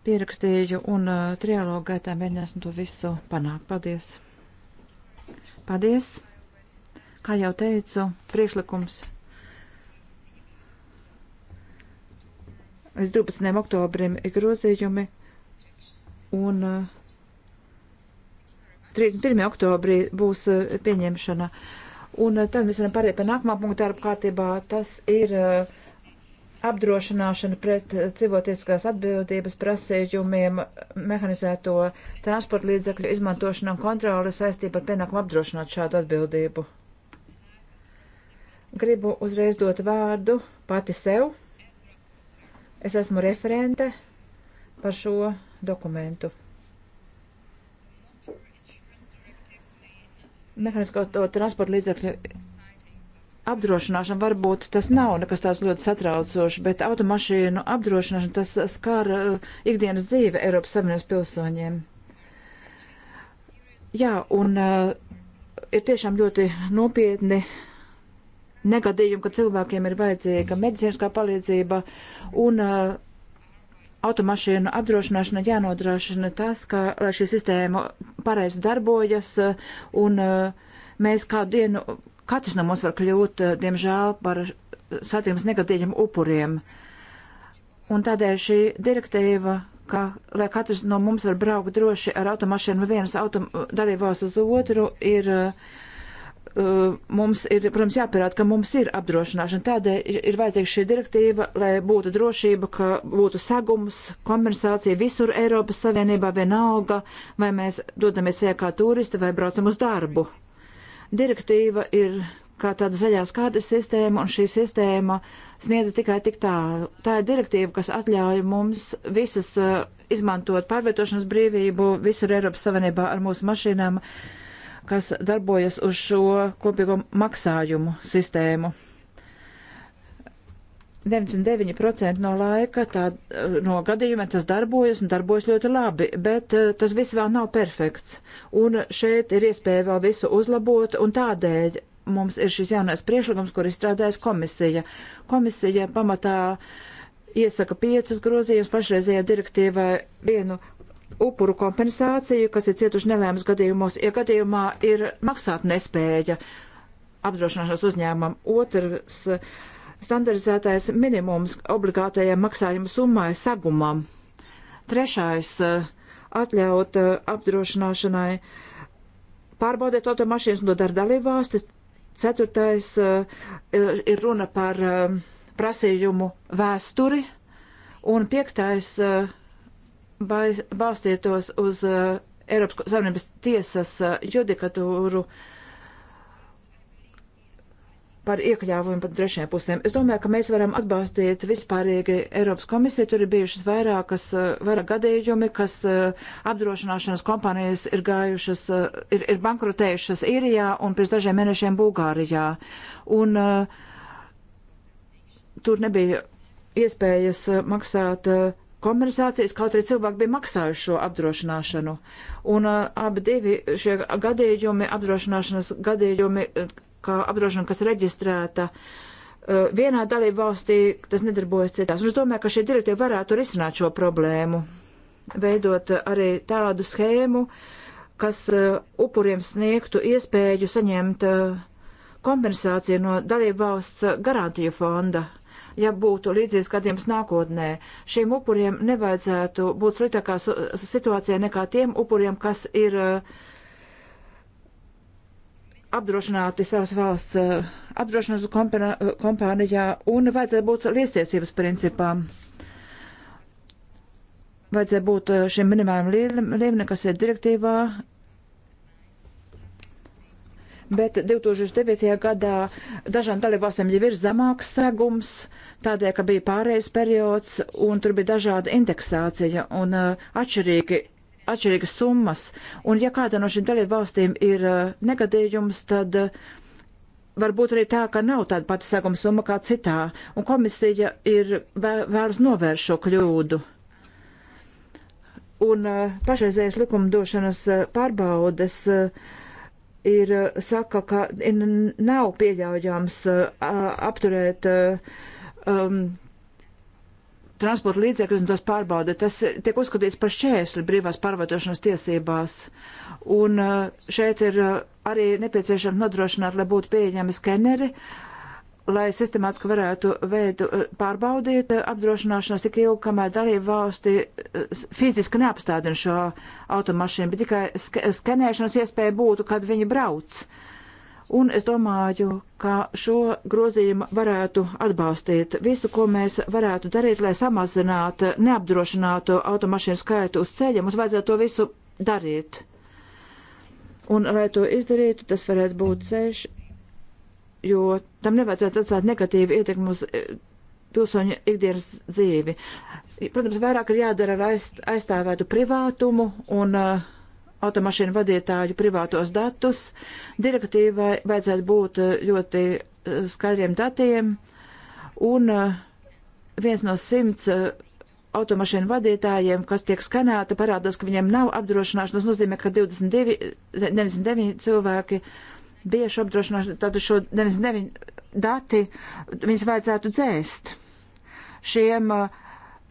pierakstīju, un uh, trialogu gaitā mēģināsim to visu panākt. Paldies! Paldies! Kā jau teicu, priekšlikums līdz 12. oktobrim ir grozījumi un 31. Eh, oktobrī būs eh, pieņemšana. Un eh, tad mēs varam pāriet pie nākamā punkta darba kārtībā. Tas ir apdrošināšana pret civotieskās atbildības prasījumiem, mehanizēto transporta līdzakļu izmantošanu un kontroli saistībā ar pienākumu apdrošināt šādu atbildību. Gribu uzreiz dot vārdu pati sev. Es esmu referente par šo dokumentu. Mehānisko transporta līdzekļu apdrošināšana varbūt tas nav nekas tāds ļoti satraucošs, bet automašīnu apdrošināšana tas skar uh, ikdienas dzīve Eiropas Savienības pilsoņiem. Jā, un uh, ir tiešām ļoti nopietni uh, negadījumi, kad cilvēkiem ir vajadzīga medicīniskā palīdzība un uh, automašīnu apdrošināšana jānodrošina tas, ka lai šī sistēma pareizi darbojas uh, un uh, mēs kādu dienu, katrs no mums var kļūt, uh, diemžēl, par satiksmes negadījumu upuriem. Un tādēļ šī direktīva ka, lai katrs no mums var braukt droši ar automašīnu no vienas autom, dalībvalsts uz otru, ir uh, Eh, mums ir, protams, jāpierāda, ka mums ir apdrošināšana. Tādēļ ir vajadzīga šī direktīva, lai būtu drošība, ka būtu segums, kompensācija visur Eiropas Savienībā vienalga, vai mēs dodamies ejā kā turisti vai braucam uz darbu. Direktīva ir kā tāda zaļās kārtas sistēma, un šī sistēma sniedz tikai tik tālu. Tā ir direktīva, kas atļauj mums visas uh, izmantot pārvietošanas brīvību visur Eiropas Savienībā ar mūsu mašīnām. Uh, kas darbojas uz šo kopīgo maksājumu sistēmu. 99% no laika tā, no gadījumiem tas darbojas un darbojas ļoti labi, bet eh, tas viss vēl nav perfekts. Un šeit ir iespēja vēl visu uzlabot, un tādēļ mums ir šis jaunais priešlikums, kur izstrādājas komisija. Komisija pamatā iesaka piecas grozījumus pašreizējā direktīvā vienu upuru kompensāciju, kas ir cietuši nelēmas gadījumos, ja gadījumā ir maksāt nespēja apdrošināšanas uzņēmumam. Otrs standarizētais minimums obligātajai maksājuma summai sagumam. Trešais atļaut eh, apdrošināšanai pārbaudēt automašīnas, to dara dalībvalstis. Ceturtais eh, ir runa par eh, prasījumu vēsturi. Un piektais uh, balstītos uz uh, Eiropas Savienības tiesas uh, judikatūru par iekļāvumu pat trešajām pusēm. Es domāju, ka mēs varam atbalstīt vispārīgi Eiropas komisiju. Tur ir bijušas vairākas, uh, vairāk gadījumi, kas uh, apdrošināšanas kompānijas ir gājušas, uh, ir, ir bankrotējušas Īrijā un pēc dažiem mēnešiem Bulgārijā. Un uh, tur nebija iespējas maksāt uh, kompensācijas, kaut arī cilvēki bija maksājuši šo apdrošināšanu. Un uh, abi divi šie gadījumi, apdrošināšanas gadījumi, uh, kā apdrošināšana, kas reģistrēta uh, vienā dalību valstī, tas nedarbojas citās. Un es domāju, ka šī direktīva varētu risināt šo problēmu, veidot uh, arī tādu schēmu, kas uh, upuriem sniegtu iespēju saņemt uh, kompensāciju no dalību valsts uh, garantiju fonda ja būtu līdzīgs gadījums nākotnē. Šiem upuriem nevajadzētu būt sliktākā situācijā nekā tiem upuriem, kas ir eh, apdrošināti savas valsts eh, apdrošināšanas eh, kompānijā un vajadzētu būt liestiesības principām. Vajadzētu būt šim minimālam līmenim, kas ir direktīvā, bet 2009. gadā dažām dalībvalstīm jau ir zemāks segums, tādēļ, ka bija pārējais periods un tur bija dažāda indeksācija un uh, atšķirīgi atšķirīgas summas, un ja kāda no šīm dalību valstīm ir uh, negadījums, tad uh, varbūt arī tā, ka nav tāda pati sākuma summa kā citā, un komisija ir vē, vērus novērst šo kļūdu. Un uh, pašreizējas likumdošanas uh, pārbaudes uh, ir eh, saka, ka nav pieļaujams eh, apturēt eh, um, transporta līdzekļus un tos pārbaudīt. Tas tiek uzskatīts par šķērsli brīvās pārvietošanas tiesībās. Un šeit ir arī nepieciešams nodrošināt, lai būtu pieejami skeneri. Uh, lai sistemātiski varētu veidu eh, pārbaudīt eh, apdrošināšanos tik ilgi, kamēr dalība valsti eh, fiziski neapstādina šo automašīnu, bet tikai sk skenēšanas iespēja būtu, kad viņi brauc. Un es domāju, ka šo grozījumu varētu atbalstīt. Visu, ko mēs varētu darīt, lai samazinātu neapdrošinātu automašīnu skaitu uz ceļa, mums vajadzētu to visu darīt. Un, lai to izdarītu, tas varētu būt ceļš jo tam nevajadzētu atstāt negatīvu ietekmi uz e, pilsoņu ikdienas dzīvi. Protams, vairāk ir jādara ar aizstāvētu privātumu un uh, automašīnu vadītāju privātos datus. Direktīvai vajadzētu būt e, ļoti skaidriem datiem, un uh, viens no simts uh, automašīnu vadītājiem, kas tiek skanēta, parādās, ka viņiem nav apdrošināšanas. Tas nozīmē, ka 22, 99 cilvēki uh, bieži apdrošināšanu, tātad šo 99 dati, viņas vajadzētu dzēst. Šiem uh,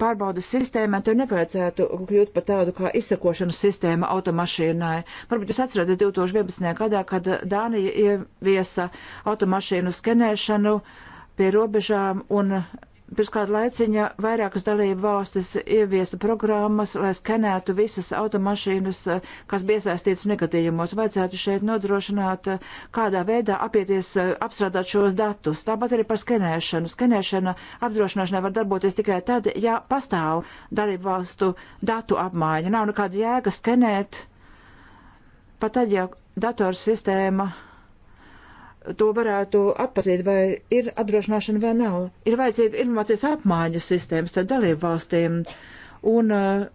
pārbaudas sistēmām tev nevajadzētu kļūt par tādu kā izsekošanas sistēma automašīnai. Varbūt jūs atceraties 2011. gadā, kad Dānija ieviesa automašīnu skenēšanu pie robežām un pirms kāda laiciņa vairākas dalību valstis ieviesa programmas, lai skenētu visas automašīnas, eh, kas piesaistītas negadījumos. Vajadzētu šeit nodrošināt, eh, kādā veidā apieties eh, apstrādāt šos datus. Tāpat arī par skenēšanu. Skenēšana apdrošināšanai var darboties tikai tad, ja pastāv dalību valstu datu apmaiņa. Nav nekāda jēga skenēt, pat tad, ja datorsistēma. sistēma to varētu atpazīt, vai ir apdrošināšana vai nav. Ir vajadzīga informācijas apmaiņas sistēmas starp dalību valstīm. Un uh,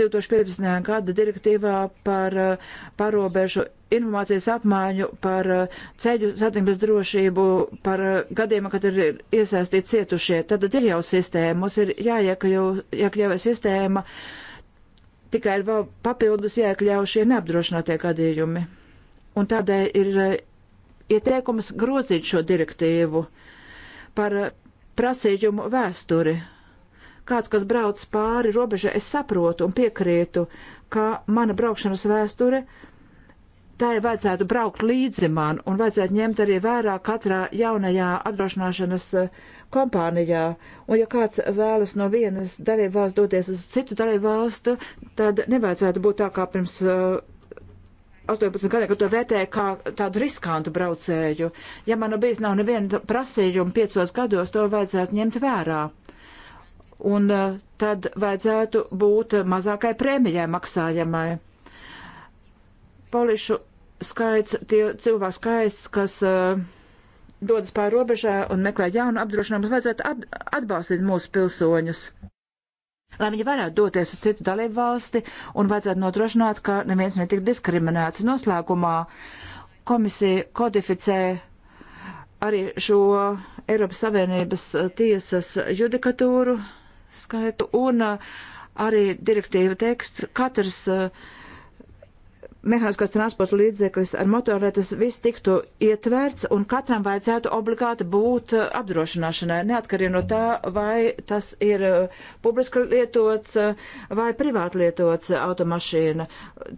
2015. gada direktīvā par uh, parobežu informācijas apmaiņu par uh, ceļu satiksmes drošību, par uh, gadījumā, kad ir iesaistīti cietušie. Tad ir jau sistēma, mums ir jāiekļauj sistēma, tikai ir vēl papildus jāiekļauj šie neapdrošinātie gadījumi un tādēļ ir eh, ieteikums grozīt šo direktīvu par eh, prasījumu vēsturi. Kāds, kas brauc pāri robežai, es saprotu un piekrītu, ka mana braukšanas vēsture tai vajadzētu braukt līdzi man un vajadzētu ņemt arī vērā katrā jaunajā apdrošināšanas eh, kompānijā. Un ja kāds vēlas no vienas dalībvalsts doties uz citu dalībvalstu, tad nevajadzētu būt tā kā pirms uh, 18 gadiem, kad to vērtēju kā tādu riskantu braucēju. Ja man nu bijis nav neviena prasījuma piecos gados, to vajadzētu ņemt vērā. Un eh, tad vajadzētu būt mazākai prēmijai maksājamai. Polišu skaits, tie cilvēku skaits, kas uh, dodas pāri robežā un meklē jaunu apdrošinājumu, vajadzētu at atbalstīt mūsu pilsoņus lai viņi varētu doties uz citu dalību valsti un vajadzētu nodrošināt, ka neviens netika diskriminēts. Noslēgumā komisija kodificē arī šo Eiropas Savienības eh, tiesas judikatūru skaitu un eh, arī direktīva teksts. Katrs uh, mehāniskās transporta līdzeklis ar motoru, lai tas viss tiktu ietverts un katram vajadzētu obligāti būt uh, apdrošināšanai, neatkarīgi no tā, vai tas ir uh, publiski lietots uh, vai privāti lietots automašīna.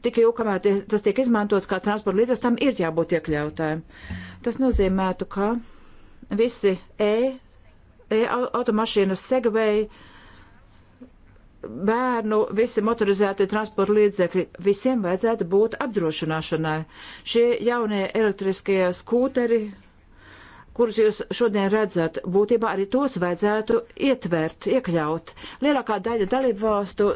Tik jau, kamēr tas tiek izmantots kā transporta līdzeklis, tam ir jābūt iekļautājiem. Tas nozīmētu, ka visi E, e automašīnas segvēji bērnu, visi motorizēti transporta līdzekļi, visiem vajadzētu būt apdrošināšanai. Šie jaunie elektriskie skūteri, kurus jūs šodien redzat, būtībā arī tos vajadzētu ietvert, iekļaut. Lielākā daļa dalību valstu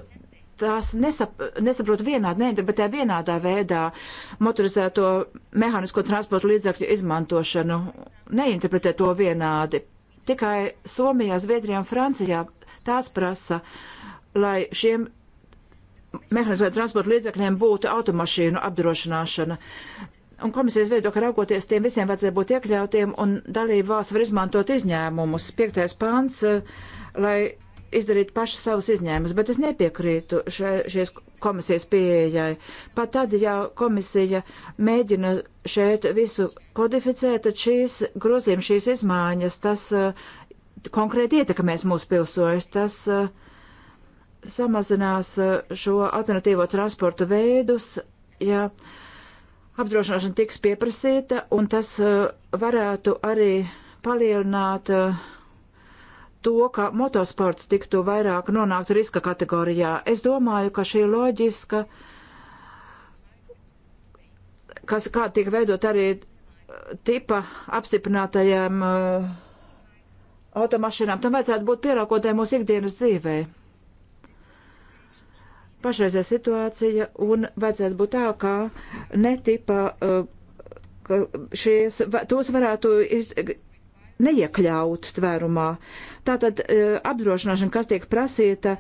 tās nesap, nesaprot vienādi, neinterpretē vienādā veidā motorizēto mehānisko transportu līdzakļu izmantošanu, neinterpretē to vienādi. Tikai Somijā, Zviedrijā un Francijā tās prasa lai šiem mehānismiem transporta līdzekļiem būtu automašīnu apdrošināšana. Un komisijas viedokļa raugoties, tiem visiem vajadzēja būt iekļautiem, un dalība valsts var izmantot izņēmumus. Piektais pāns, eh, lai izdarītu paši savus izņēmumus, bet es nepiekrītu še, šies komisijas pieejai. Pat tad, ja komisija mēģina šeit visu kodificēt, tad šīs grozījums, šīs izmaiņas, tas uh, konkrēti ietekmēs mūsu pilsoņus, tas uh, samazinās eh, šo alternatīvo transportu veidus, ja apdrošināšana tiks pieprasīta, un tas eh, varētu arī palielināt eh, to, ka motosports tiktu vairāk nonākt riska kategorijā. Es domāju, ka šī loģiska, kas kā tiek veidot arī tipa apstiprinātajām automašīnām, tam vajadzētu būt pielāgotē mūsu ikdienas dzīvēm pašreizē situācija un vajadzētu būt tā, ka netipa, eh, ka šies, tos varētu neiekļaut tvērumā. Tātad eh, apdrošināšana, kas tiek prasīta,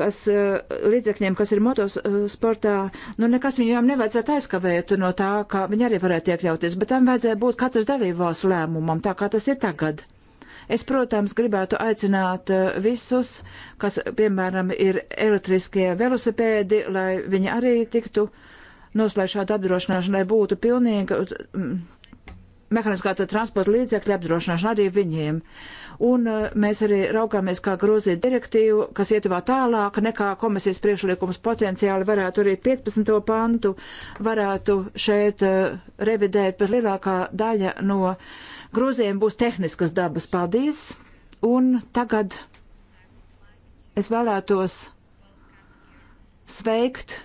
kas eh, līdzekļiem, kas ir motosportā, nu nekas viņām nevajadzētu aizkavēt no tā, ka viņi arī varētu iekļauties, bet tam vajadzēja būt katras dalībvalsts lēmumam, tā kā tas ir tagad. Es, protams, gribētu aicināt eh, visus, kas, piemēram, ir elektriskie velosipēdi, lai viņi arī tiktu noslēgta šāda apdrošināšana, lai būtu pilnīga mm, mehāniskā transporta līdzekļa apdrošināšana arī viņiem. Un eh, mēs arī raugāmies, kā grozīt direktīvu, kas ietuvā tālāk nekā komisijas priekšlikums potenciāli varētu arī 15. pantu varētu šeit eh, revidēt, bet lielākā daļa no. Uh, Grozījumi būs tehniskas dabas. Paldies! Un tagad es vēlētos sveikt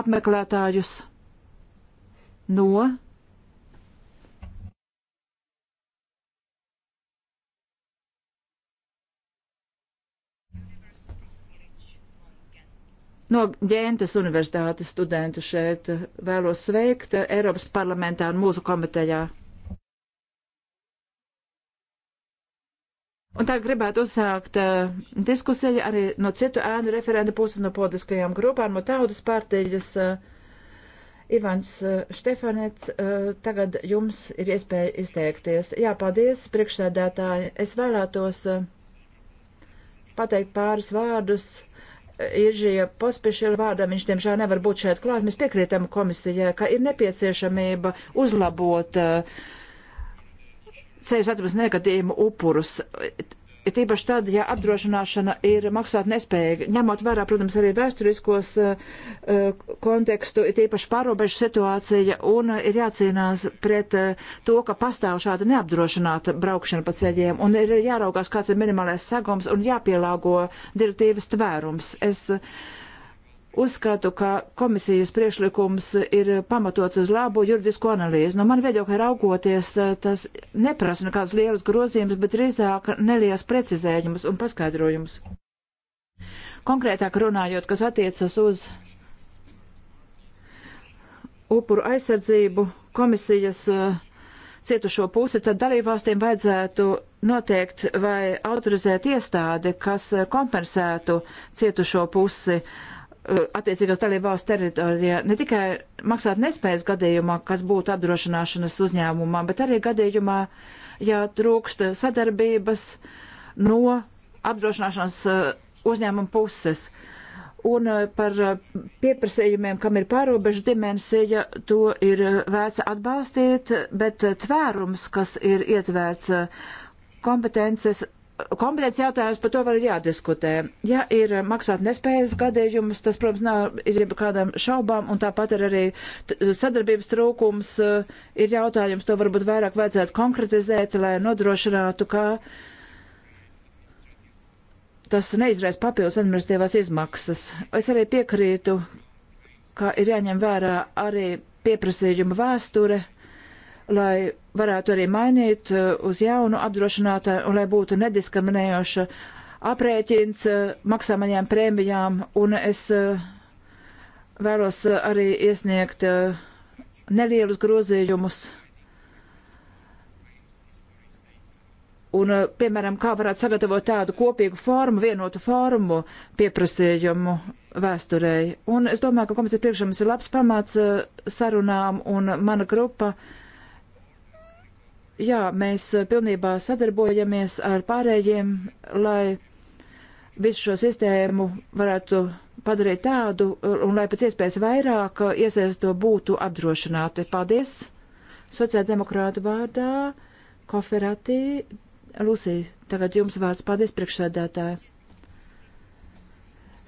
apmeklētājus no No Ģentes Universitātes studentu šeit vēlos sveikt Eiropas parlamentā un mūsu komitejā. Un tā gribētu uzsākt uh, diskusiju arī no citu ēnu referenta puses no politiskajām grupām, no tautas partijas. Uh, Ivans uh, eh, Štefanets, uh, tagad jums ir iespēja izteikties. Jā, paldies, priekšsēdētāji. Es vēlētos uh, pateikt pāris vārdus. Iržija pospiešiela vārdam, viņš tiemžēl nevar būt šeit klāt. Mēs piekrītam komisijai, ka ir nepieciešamība uzlabot uh, ceļus atrast negadījumu upurus. Ir tīpaši tad, ja apdrošināšana ir maksāt nespējīga, ņemot vērā, protams, arī vēsturiskos uh, kontekstu, ir tīpaši pārobežu situācija un ir jācīnās pret uh, to, ka pastāv šāda neapdrošināta braukšana pa ceļiem un ir jāraugās, kāds ir minimālais segums un jāpielāgo direktīvas tvērums. Es, uh, Uzskatu, ka komisijas priešlikums ir pamatots uz labu juridisko analīzi. No man viedokļa raugoties, eh, tas neprasa nekādus lielus grozījumus, bet drīzāk nelielas precizējumus un paskaidrojumus. Konkrētāk runājot, kas attiecas uz upuru aizsardzību komisijas uh, cietušo pusi, tad dalībvalstīm vajadzētu noteikt vai autorizēt iestādi, kas kompensētu cietušo pusi. Uh, Eh, attiecīgās dalībvalsts teritorijā ne tikai maksāt nespējas gadījumā, kas būtu apdrošināšanas uzņēmumā, bet arī gadījumā, ja trūkst sadarbības no apdrošināšanas eh, uzņēmuma puses. Un eh, par pieprasījumiem, kam ir pārobežu dimensija, to ir vērts atbalstīt, bet tvērums, kas ir ietverts kompetences kompetences jautājums par to vēl ir jādiskutē. Ja ir maksāt nespējas gadījums, tas, protams, nav ir kādām šaubām, un tāpat ir arī sadarbības trūkums eh, ir jautājums, to varbūt vairāk vajadzētu konkretizēt, lai nodrošinātu, ka tas neizraisa papildus administratīvās izmaksas. Es arī piekrītu, ka ir jāņem vērā arī pieprasījuma vēsture lai varētu arī mainīt uh, uz jaunu apdrošinātāju un lai būtu nediskriminējoša aprēķins uh, maksāmajām prēmijām. Un es uh, vēlos arī iesniegt nelielus grozījumus. Un, piemēram, kā varētu sagatavot tādu kopīgu formu, vienotu formu pieprasījumu vēsturēji. Un es domāju, ka komisija priekšā mums ir labs pamats sarunām, un mana grupa uh, jā, mēs eh, pilnībā sadarbojamies ar pārējiem, lai visu šo sistēmu varētu padarīt tādu, eh, un lai pēc iespējas vairāk eh, iesaisto būtu apdrošināti. Paldies! Sociāldemokrāta vārdā, koferatī, Lūsī, tagad jums vārds. Paldies, priekšsēdētāji!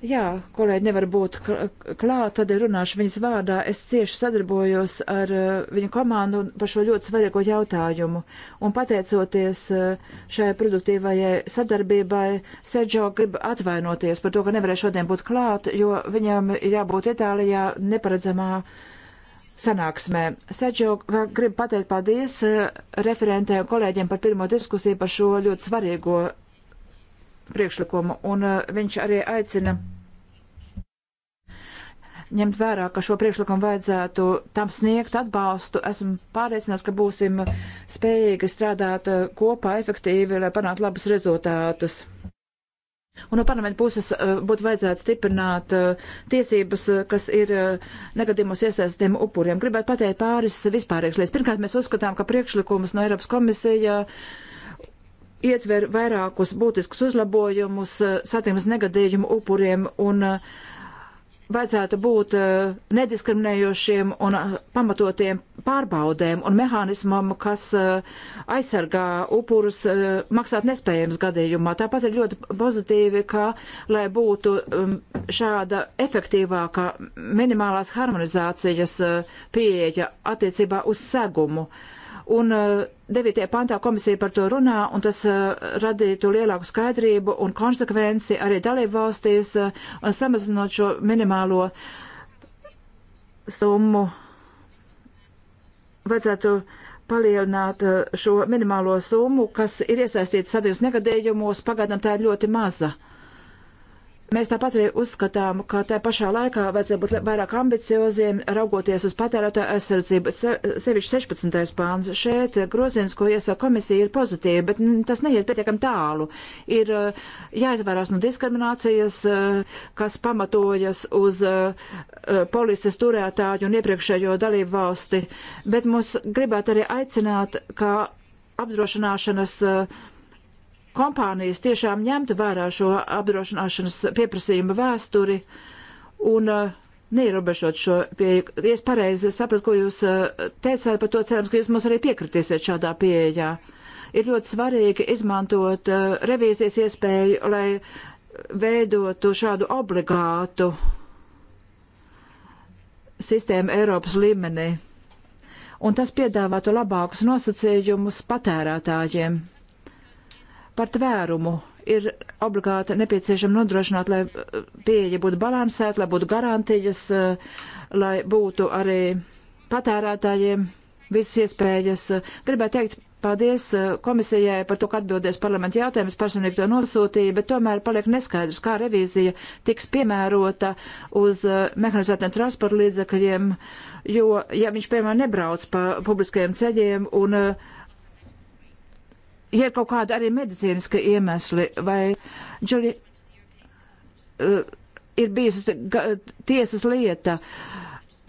Jā, kolēģi nevar būt klāt, tad runāšu viņas vārdā. Es cieši sadarbojos ar uh, viņu komandu par šo ļoti svarīgo jautājumu. Un pateicoties uh, šai produktīvajai sadarbībai, Sergio grib atvainoties par to, ka nevarēja šodien būt klāt, jo viņam ir jābūt Itālijā neparedzamā sanāksmē. Sergio vēl grib pateikt paldies uh, referentē un kolēģiem par pirmo diskusiju par šo ļoti svarīgo priekšlikumu, un uh, viņš arī aicina ņemt vērā, ka šo priekšlikumu vajadzētu tam sniegt atbalstu. Esmu pārliecināts, ka būsim spējīgi strādāt uh, kopā efektīvi, lai panāktu labus rezultātus. Un no parlamenta puses uh, būtu vajadzētu stiprināt tiesības, kas ir negadījumos iesaistiem upuriem. Gribētu pateikt pāris vispārīgas lietas. Pirmkārt, mēs uzskatām, ka priekšlikumus no Eiropas komisija uh, ietver vairākus būtiskus uzlabojumus eh, satiksmes negadījumu upuriem un eh, vajadzētu būt eh, nediskriminējošiem un pamatotiem pārbaudēm un mehānismam, kas aizsargā upurus maksāt nespējams gadījumā. Tāpat ir ļoti pozitīvi, ka, lai būtu um, šāda efektīvāka minimālās harmonizācijas pieeja attiecībā uz segumu. Uh, Un 9. Eh, pantā komisija par to runā, un tas eh, radītu lielāku skaidrību un konsekvenci arī dalību valstīs, eh, samazinot šo minimālo summu. Vajadzētu palielināt šo minimālo summu, kas ir iesaistīta sadarbības negadījumos, pagaidām tā ir ļoti maza. Uh, Mēs tāpat arī uzskatām, ka tā pašā laikā vajadzētu būt vairāk ambicioziem, raugoties uz patērētāju aizsardzību. Sevišķi 16. pāns šeit grozījums, ko iesaka komisija, ir pozitīvi, bet tas neiet pietiekam tālu. Ir uh, jāizvairās no diskriminācijas, uh, kas pamatojas uz uh, polises turētāju un iepriekšējo dalību valsti, bet mums gribētu arī aicināt, ka apdrošināšanas uh, kompānijas tiešām ņemtu vērā šo apdrošināšanas pieprasījumu vēsturi un uh, neierobežot šo pieeju. Es pareizi sapratu, ko jūs uh, teicāt par to, cerams, ka jūs mums arī piekritīsiet šādā pieejā. Ir ļoti svarīgi izmantot uh, revīzijas iespēju, lai veidotu šādu obligātu sistēmu Eiropas līmenī. Un tas piedāvātu labākus nosacījumus patērētājiem par tvērumu ir obligāti nepieciešama nodrošināt, lai eh, pieeja būtu balansēta, lai būtu garantijas, eh, lai būtu arī patērētājiem visas iespējas. Gribētu teikt paldies eh, komisijai par to, ka atbildēs parlamentu jautājumus, personīgi to nosūtīja, bet tomēr paliek neskaidrs, kā revīzija tiks piemērota uz mehanizētiem transporta līdzakļiem, jo, ja viņš, piemēram, nebrauc pa publiskajiem ceļiem un uh, ja ir kaut kāda arī medicīniska iemesli, vai Džuli, uh, ir bijusi tiesas lieta.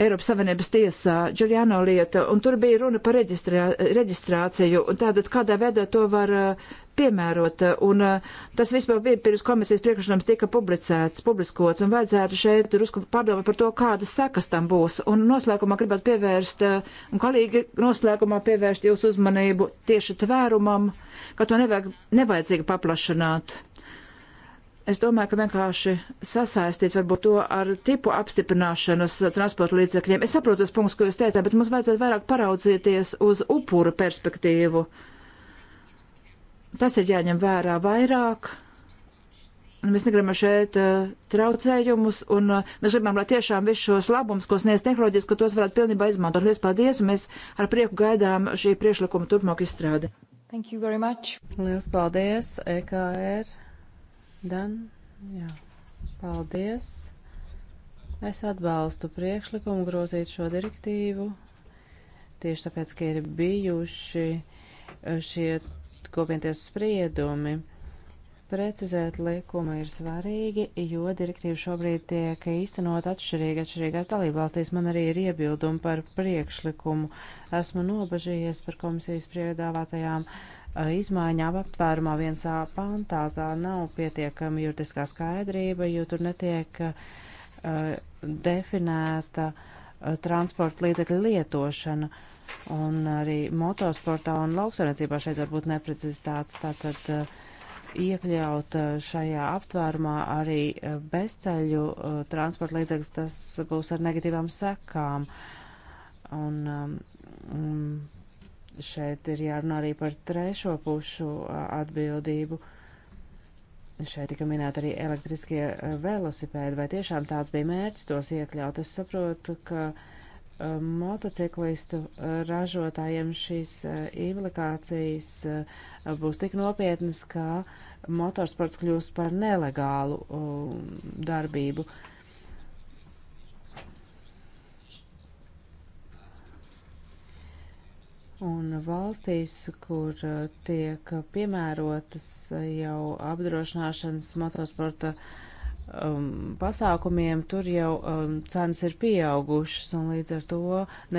Eiropas Savienības tiesā Džuljāno lieta, un tur bija runa par reģistrā, reģistrāciju, un tātad kādā veidā to var uh, piemērota, eh, un eh, tas vispār bija pirms komisijas priekšlikums tika publicēts, publiskots, un vajadzētu šeit tur pārdomāt par to, kādas sekas tam būs. Un noslēgumā gribētu pievērst, eh, un kalīgi noslēgumā pievērst jūsu uzmanību tieši tvērumam, ka to nevajag, nevajadzīgi paplašināt. Es domāju, ka vienkārši sasaistīts varbūt to ar tipu apstiprināšanas transporta līdzekļiem. Es saprotu tos punktus, ko jūs teicāt, bet mums vajadzētu vairāk paraudzīties uz upuru perspektīvu. Uh, Tas ir jāņem vērā vairāk. Mēs negribam šeit uh, traucējumus, un uh, mēs gribam, lai tiešām visus šos labumus, ko sniedz tehnoloģijas, ka tos varētu pilnībā izmantot. Lies paldies, un mēs ar prieku gaidām šī priešlikuma turpmāk izstrādi. Thank you very much. Liels paldies, EKR. Dan, jā, paldies. Es atbalstu priekšlikumu grozīt šo direktīvu, tieši tāpēc, ka ir bijuši uh, šie kopienties spriedumi. Precizēt likumu ir svarīgi, jo direktīva šobrīd tiek īstenot atšķirīgi atšķirīgās dalībvalstīs. Man arī ir iebildumi par priekšlikumu. Esmu nobažījies par komisijas piedāvātajām eh, izmaiņām aptvērumā viensā pantā. Tā nav pietiekama juridiskā skaidrība, jo tur netiek uh, definēta uh, Eh, transporta līdzekļu lietošanu. Un arī motosportā un lauksaimniecībā šeit var būt neprecizitātes. Tātad eh, iekļaut eh, šajā aptvērumā arī bezceļu transporta līdzekļus, tas būs ar negatīvām sekām. Un um, šeit ir jārunā arī par trešo pušu atbildību. Uh, Šeit tika minēta arī elektriskie e, velosipēdi, vai tiešām tāds bija mērķis tos iekļaut. Es saprotu, ka e, motociklistu ražotājiem šīs e, implikācijas būs tik nopietnas, ka motorsports kļūst par nelegālu darbību. Uh, Un valstīs, kur eh, tiek piemērotas jau apdrošināšanas motosporta um, pasākumiem, tur jau um, cenas ir pieaugušas, un līdz ar to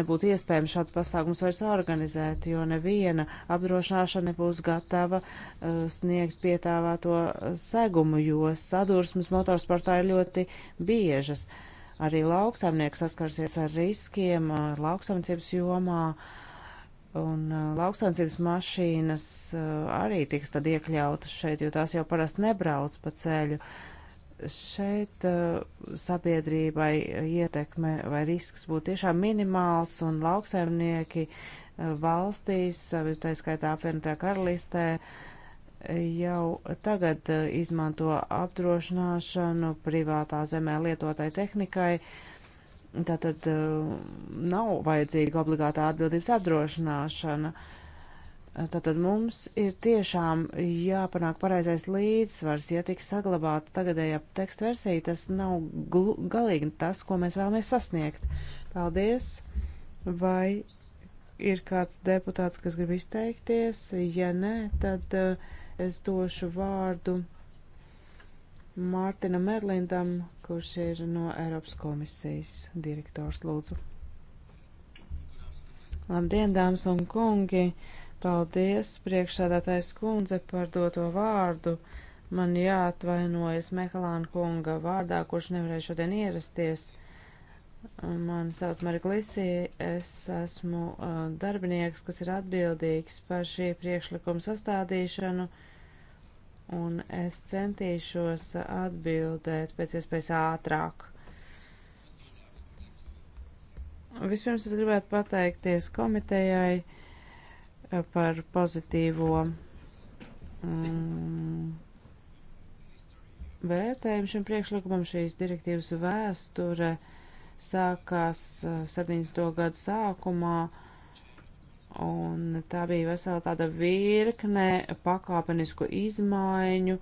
nebūtu iespējams šāds pasākums vairs organizēt, jo neviena apdrošināšana nebūs gatava uh, sniegt pietāvāto segumu, jo sadursmes motorsportā ir ļoti biežas. Arī lauksaimnieks saskarsies ar riskiem, uh, lauksaimniecības jomā. Uh, Un uh, lauksaimniecības mašīnas uh, arī tiks tad iekļautas šeit, jo tās jau parasti nebrauc pa ceļu. Šeit uh, sabiedrībai ietekme vai risks būtu tiešām minimāls un lauksaimnieki uh, valstīs, uh, tā skaitā apvienotā karalistē, jau tagad uh, izmanto apdrošināšanu privātā zemē lietotai tehnikai. Uh, Tātad eh, nav vajadzīga obligātā atbildības apdrošināšana. Eh, tātad mums ir tiešām jāpanāk pareizais līdzsvars, ja tiks saglabāta tagadējā teksta versija, tas nav galīgi tas, ko mēs vēlamies sasniegt. Paldies! Vai ir kāds deputāts, kas grib izteikties? Ja nē, tad eh, es došu vārdu Mārtinam Erlindam, kurš ir no Eiropas komisijas direktors. Lūdzu. Labdien, dāmas un kungi! Paldies, priekšsādātais kundze, par doto vārdu. Man jāatvainojas Mehalāna kunga vārdā, kurš nevarēja šodien ierasties. Man sauc Mariklisī, es esmu uh, darbinieks, kas ir atbildīgs par šī priekšlikuma sastādīšanu. Uh, un es centīšos atbildēt pēc iespējas ātrāk. Vispirms es gribētu pateikties komitejai eh, par pozitīvo mm, vērtējumu šim priekšlikumam. Šīs direktīvas vēsture sākās eh, 70. gadu sākumā. Uh, Un tā bija vesela tāda virkne pakāpenisku izmaiņu,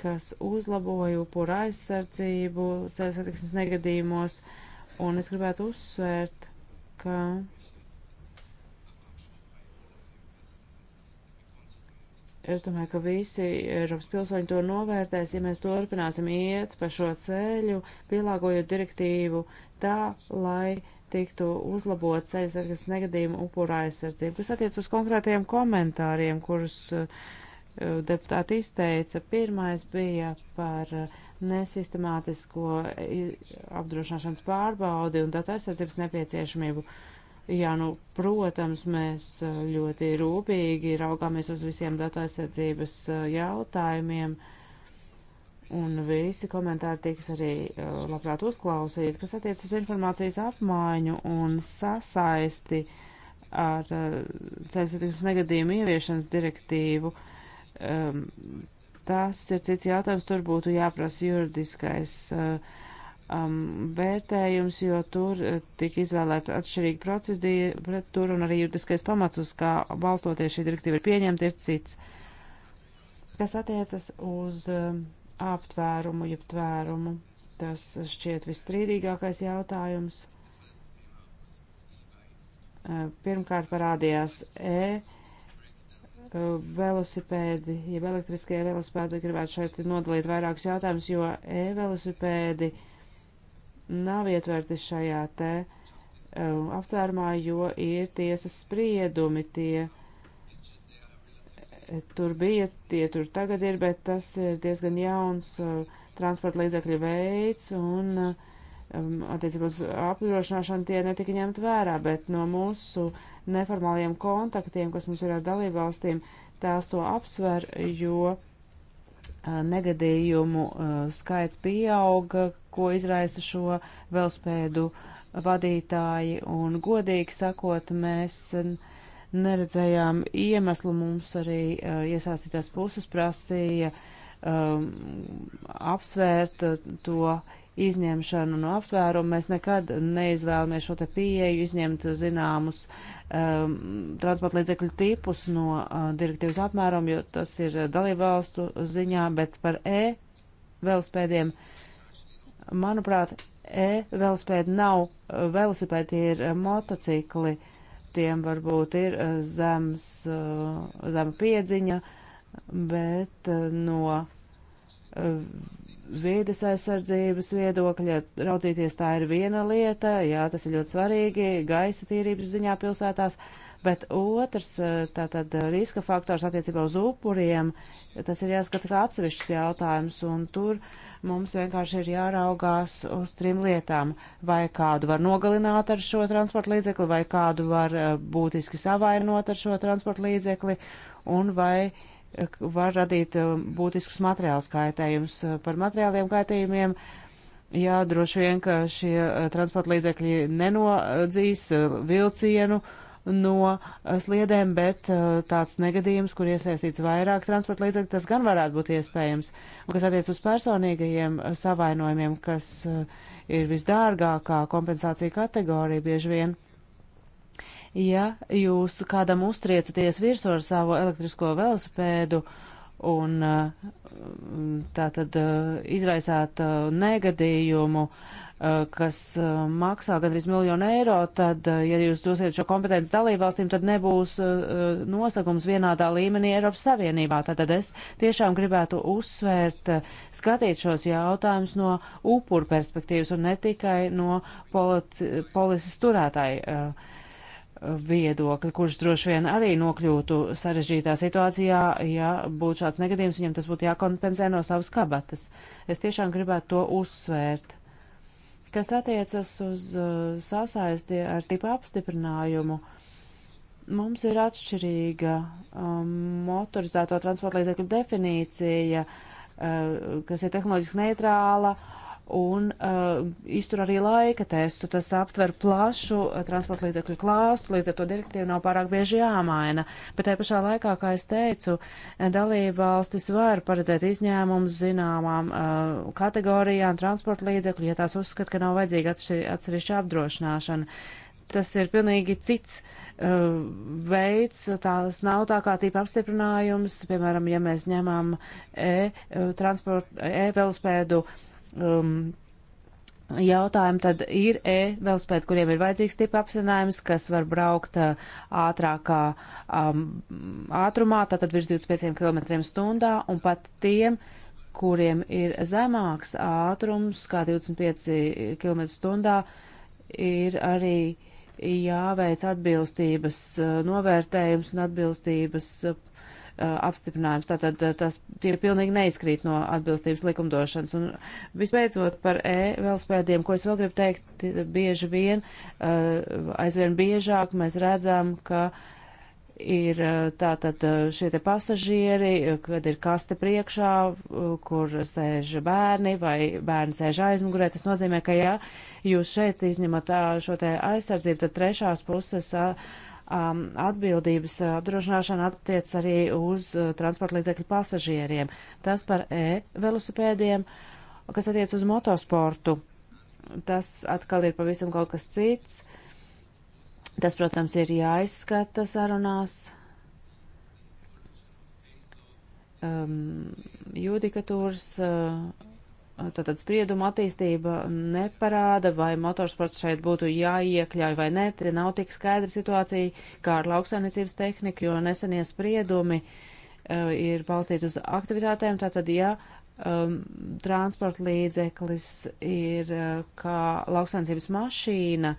kas uzlaboja upuru aizsardzību ceļa satiksmes negadījumos. Un es gribētu uzsvērt, ka Es domāju, ka visi Eiropas pilsoņi to novērtēs, ja mēs turpināsim iet pa šo ceļu, pielāgojot direktīvu tā, lai uh, tiktu uzlabot ceļu sardzības negadījumu upuru aizsardzību, kas attiec uz konkrētajiem komentāriem, kurus uh, deputāti izteica. Pirmais bija par eh, nesistemātisko apdrošināšanas pārbaudi un datu aizsardzības nepieciešamību. Jā, nu, protams, mēs eh, ļoti rūpīgi raugāmies uz visiem datu aizsardzības jautājumiem. Uh, Un visi komentāri tiks arī uh, labprāt uzklausīti, kas attiec uz informācijas apmaiņu un sasaisti ar uh, ceļu satiksmes negadījumu ieviešanas direktīvu. Um, tas ir cits jautājums, tur būtu jāprasa juridiskais uh, um, vērtējums, jo tur uh, tika izvēlēta atšķirīga procedūra un arī juridiskais pamats, uz kā balstoties šī direktīva ir pieņemta, ir cits. Kas attiecas uz. Uh, aptvērumu, jeb tvērumu. Tas šķiet visstrīdīgākais jautājums. Pirmkārt parādījās E velosipēdi, jeb elektriskie velosipēdi, gribētu šeit nodalīt vairākus jautājumus, jo e-velosipēdi nav ietverti šajā te um, aptvērumā, jo ir tiesas spriedumi, tie tur bija, tie tur tagad ir, bet tas ir diezgan jauns uh, transporta līdzakļu veids, un uh, um, attiecībā uz apdrošināšanu tie netika ņemt vērā, bet no mūsu neformālajiem kontaktiem, kas mums ir ar dalībvalstīm, tās to apsver, jo uh, negadījumu uh, skaits pieauga, ko izraisa šo velospēdu vadītāji, un godīgi sakot, mēs. Uh, neredzējām iemeslu mums arī uh, iesaistītās puses prasīja um, apsvērt uh, to izņemšanu no aptvērumu. Mēs nekad neizvēlamies šo te pieeju izņemt zināmus um, transporta līdzekļu tipus no uh, direktīvas apmērumu, jo tas ir uh, dalībvalstu ziņā, bet par E velospēdiem, manuprāt, E velospēdi nav uh, velosipēdi, tie ir motocikli. Uh, Citiem varbūt ir eh, zems, eh, zema piedziņa, bet eh, no vīdes aizsardzības viedokļa raudzīties tā ir viena lieta, jā, tas ir ļoti svarīgi gaisa tīrības ziņā pilsētās, bet otrs, tātad riska faktors attiecībā uz upuriem, tas ir jāskata kā atsevišķs jautājums, un tur uh, Mums vienkārši ir jāraugās uz trim lietām. Vai kādu var nogalināt ar šo transporta līdzekli, vai kādu var eh, būtiski savainot ar šo transporta līdzekli, un vai eh, var radīt eh, būtiskus materiālus kaitējumus par materiāliem kaitējumiem. Jā, droši vien, ka šie transporta līdzekļi nenodzīs vilcienu. Uh, no uh, sliedēm, bet uh, tāds negadījums, kur iesaistīts vairāk transporta līdzekļu, tas gan varētu būt iespējams. Un kas attiec uz personīgajiem uh, savainojumiem, kas ir visdārgākā kompensācija kategorija bieži vien. Ja jūs kādam uztriecaties virsū ar savu elektrisko velosipēdu, un tā tad izraisāt negadījumu, Eh, kas eh, maksā gandrīz miljonu eiro, tad, eh, ja jūs dosiet šo kompetenci dalībvalstīm, tad nebūs nosakums vienādā līmenī Eiropas Savienībā. Tātad es tiešām gribētu uzsvērt, skatīt šos jautājumus no upuru perspektīvas un ne tikai no polici, polises turētāju viedokli, kurš droši vien arī nokļūtu sarežģītā situācijā, ja būtu šāds negadījums, viņam tas būtu jākompensē no savas kabatas. Es tiešām gribētu to uzsvērt. Kas attiecas uz eh, sasaisti ar tipu apstiprinājumu, mums ir atšķirīga um, motorizēto transporta līdzekļu definīcija, uh, kas ir tehnoloģiski neitrāla un uh, iztur arī laika testu. Tas aptver plašu uh, transporta līdzekļu klāstu, līdz ar to direktīvu nav pārāk bieži jāmaina. Bet tajā pašā laikā, kā es teicu, dalība valstis var paredzēt izņēmumus zināmām uh, kategorijām transporta līdzekļu, ja tās uzskata, ka nav vajadzīga atsevišķa apdrošināšana. Tas ir pilnīgi cits uh, veids, tās nav tā kā tīpa apstiprinājums, piemēram, ja mēs ņemam e-transportu, uh, e, e-velospēdu. E um, jautājumu, tad ir E velospēdi, kuriem ir vajadzīgs tipa apsinājums, kas var braukt uh, ātrākā um, ātrumā, tātad virs 25 km stundā, un pat tiem, kuriem ir zemāks ātrums, kā 25 km stundā, ir arī jāveic atbilstības uh, novērtējums un atbilstības uh, Uh, apstiprinājums. Tātad uh, tas, tie pilnīgi neizkrīt no atbilstības likumdošanas. Un visbeidzot par E vēlspēdiem, ko es vēl gribu teikt, bieži vien, uh, aizvien biežāk mēs redzam, ka ir tātad šie te pasažieri, kad ir kaste priekšā, kur sēž bērni vai bērni sēž aizmugurē. Tas nozīmē, ka ja jūs šeit izņemat šo te aizsardzību, tad trešās puses. Uh, um, atbildības uh, apdrošināšana attiec arī uz uh, transporta līdzekļu pasažieriem. Tas par e-velosipēdiem, kas attiec uz motosportu. Tas atkal ir pavisam kaut kas cits. Tas, protams, ir jāizskata sarunās. Um, judikatūras uh, Tātad sprieduma attīstība neparāda, vai motorsports šeit būtu jāiekļauj vai nē. Te nav tik skaidra situācija kā ar lauksaimniecības tehniku, jo nesenie spriedumi uh, ir balstīti uz aktivitātēm. Tātad, ja um, transporta līdzeklis ir uh, kā lauksaimniecības mašīna,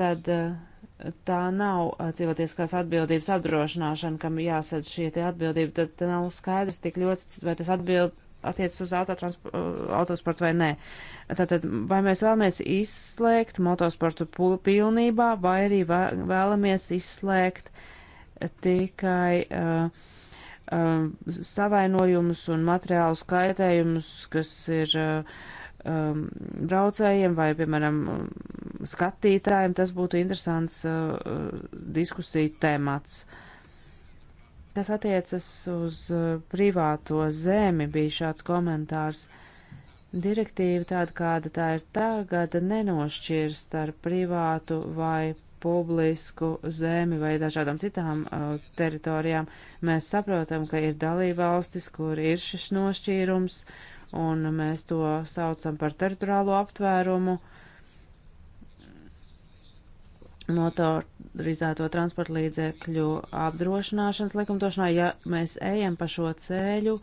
tad uh, tā nav cilvēciskās atbildības apdrošināšana, kam jāsadz šie tie atbildība, tad nav skaidrs tik ļoti, vai tas atbild attiecas uz autosportu vai nē. Tātad, vai mēs vēlamies izslēgt motosportu pilnībā, vai arī vēlamies izslēgt tikai uh, uh, savainojumus un materiālu skaitējumus, kas ir. Uh, um, braucējiem vai, piemēram, skatītājiem, tas būtu interesants uh, uh diskusiju temats. Uh, Kas attiecas uz uh, privāto zemi, bija šāds komentārs. Direktīva tāda, kāda tā ir tagad, nenošķirs starp privātu vai publisku zemi vai dažādām citām uh, teritorijām. Mēs saprotam, ka ir dalībvalstis, kur ir šis nošķīrums, un mēs to saucam par teritoriālo aptvērumu. Uh, motorizēto transporta līdzekļu apdrošināšanas likumdošanā, ja mēs ejam pa šo ceļu,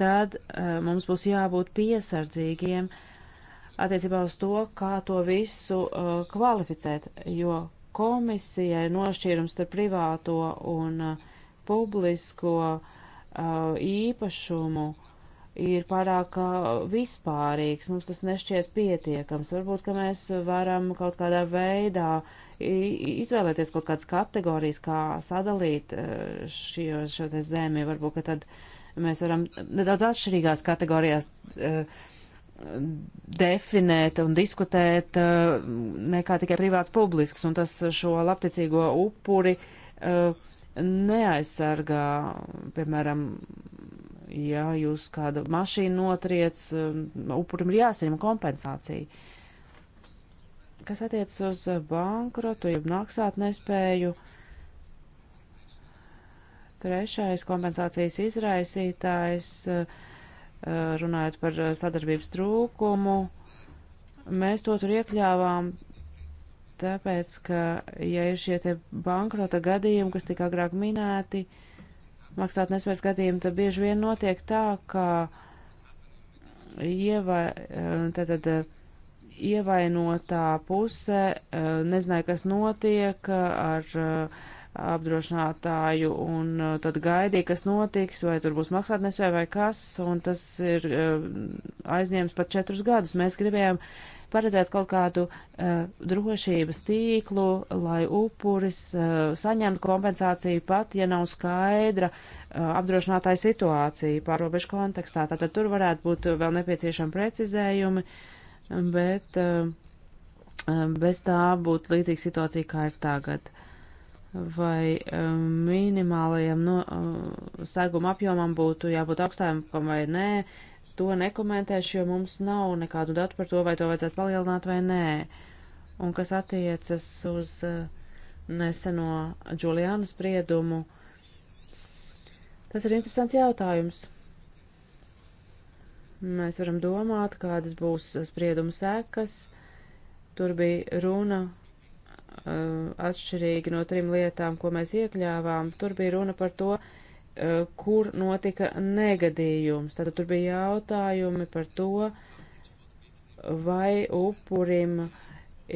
tad uh, mums būs jābūt piesardzīgiem attiecībā uz to, kā to visu uh, kvalificēt, jo komisija ir nošķīrums starp privāto un uh, publisko uh, īpašumu ir pārāk vispārīgs, mums tas nešķiet pietiekams. Varbūt, ka mēs varam kaut kādā veidā uh, izvēlēties kaut kādas kategorijas, kā sadalīt eh, šo, šo zemi. Varbūt, ka tad mēs varam nedaudz atšķirīgās kategorijās eh, definēt un diskutēt eh, nekā tikai privāts publisks, un tas šo labticīgo upuri neaizsargā, piemēram, ja jūs kādu mašīnu notriec, upurim ir jāsaņem kompensācija. Kas attiec uz bankrotu, jeb maksāt nespēju, trešais kompensācijas izraisītājs, eh, runājot par eh, sadarbības trūkumu, mēs to tur iekļāvām, tāpēc, ka, ja ir šie te bankrota gadījumi, kas tika agrāk minēti, maksāt nespējas gadījumi, tad bieži vien notiek tā, ka ieva, eh, tad, tad ievainotā puse eh, nezināja, kas notiek eh, ar eh, apdrošinātāju un tad gaidīja, kas notiks, vai tur būs maksātnespēja vai kas, un tas ir aizņēmis pat četrus gadus. Mēs gribējām paredzēt kaut kādu drošības tīklu, lai upuris saņemtu kompensāciju pat, ja nav skaidra apdrošinātāja situācija pārobežu kontekstā. Tātad tur varētu būt vēl nepieciešami precizējumi. Uh, bet eh, eh, bez tā būtu līdzīga situācija, kā ir tagad. Vai eh, minimālajam no, seguma apjomam būtu jābūt augstākam vai nē, to nekomentēšu, jo mums nav nekādu datu par to, vai to vajadzētu palielināt vai nē. Un kas attiecas uz neseno Džuliānu spriedumu, tas ir interesants jautājums. Mēs varam domāt, kādas būs sprieduma sekas. Tur bija runa uh, atšķirīgi no trim lietām, ko mēs iekļāvām. Tur bija runa par to, uh, kur notika negadījums. Tātad tur bija jautājumi par to, vai upurim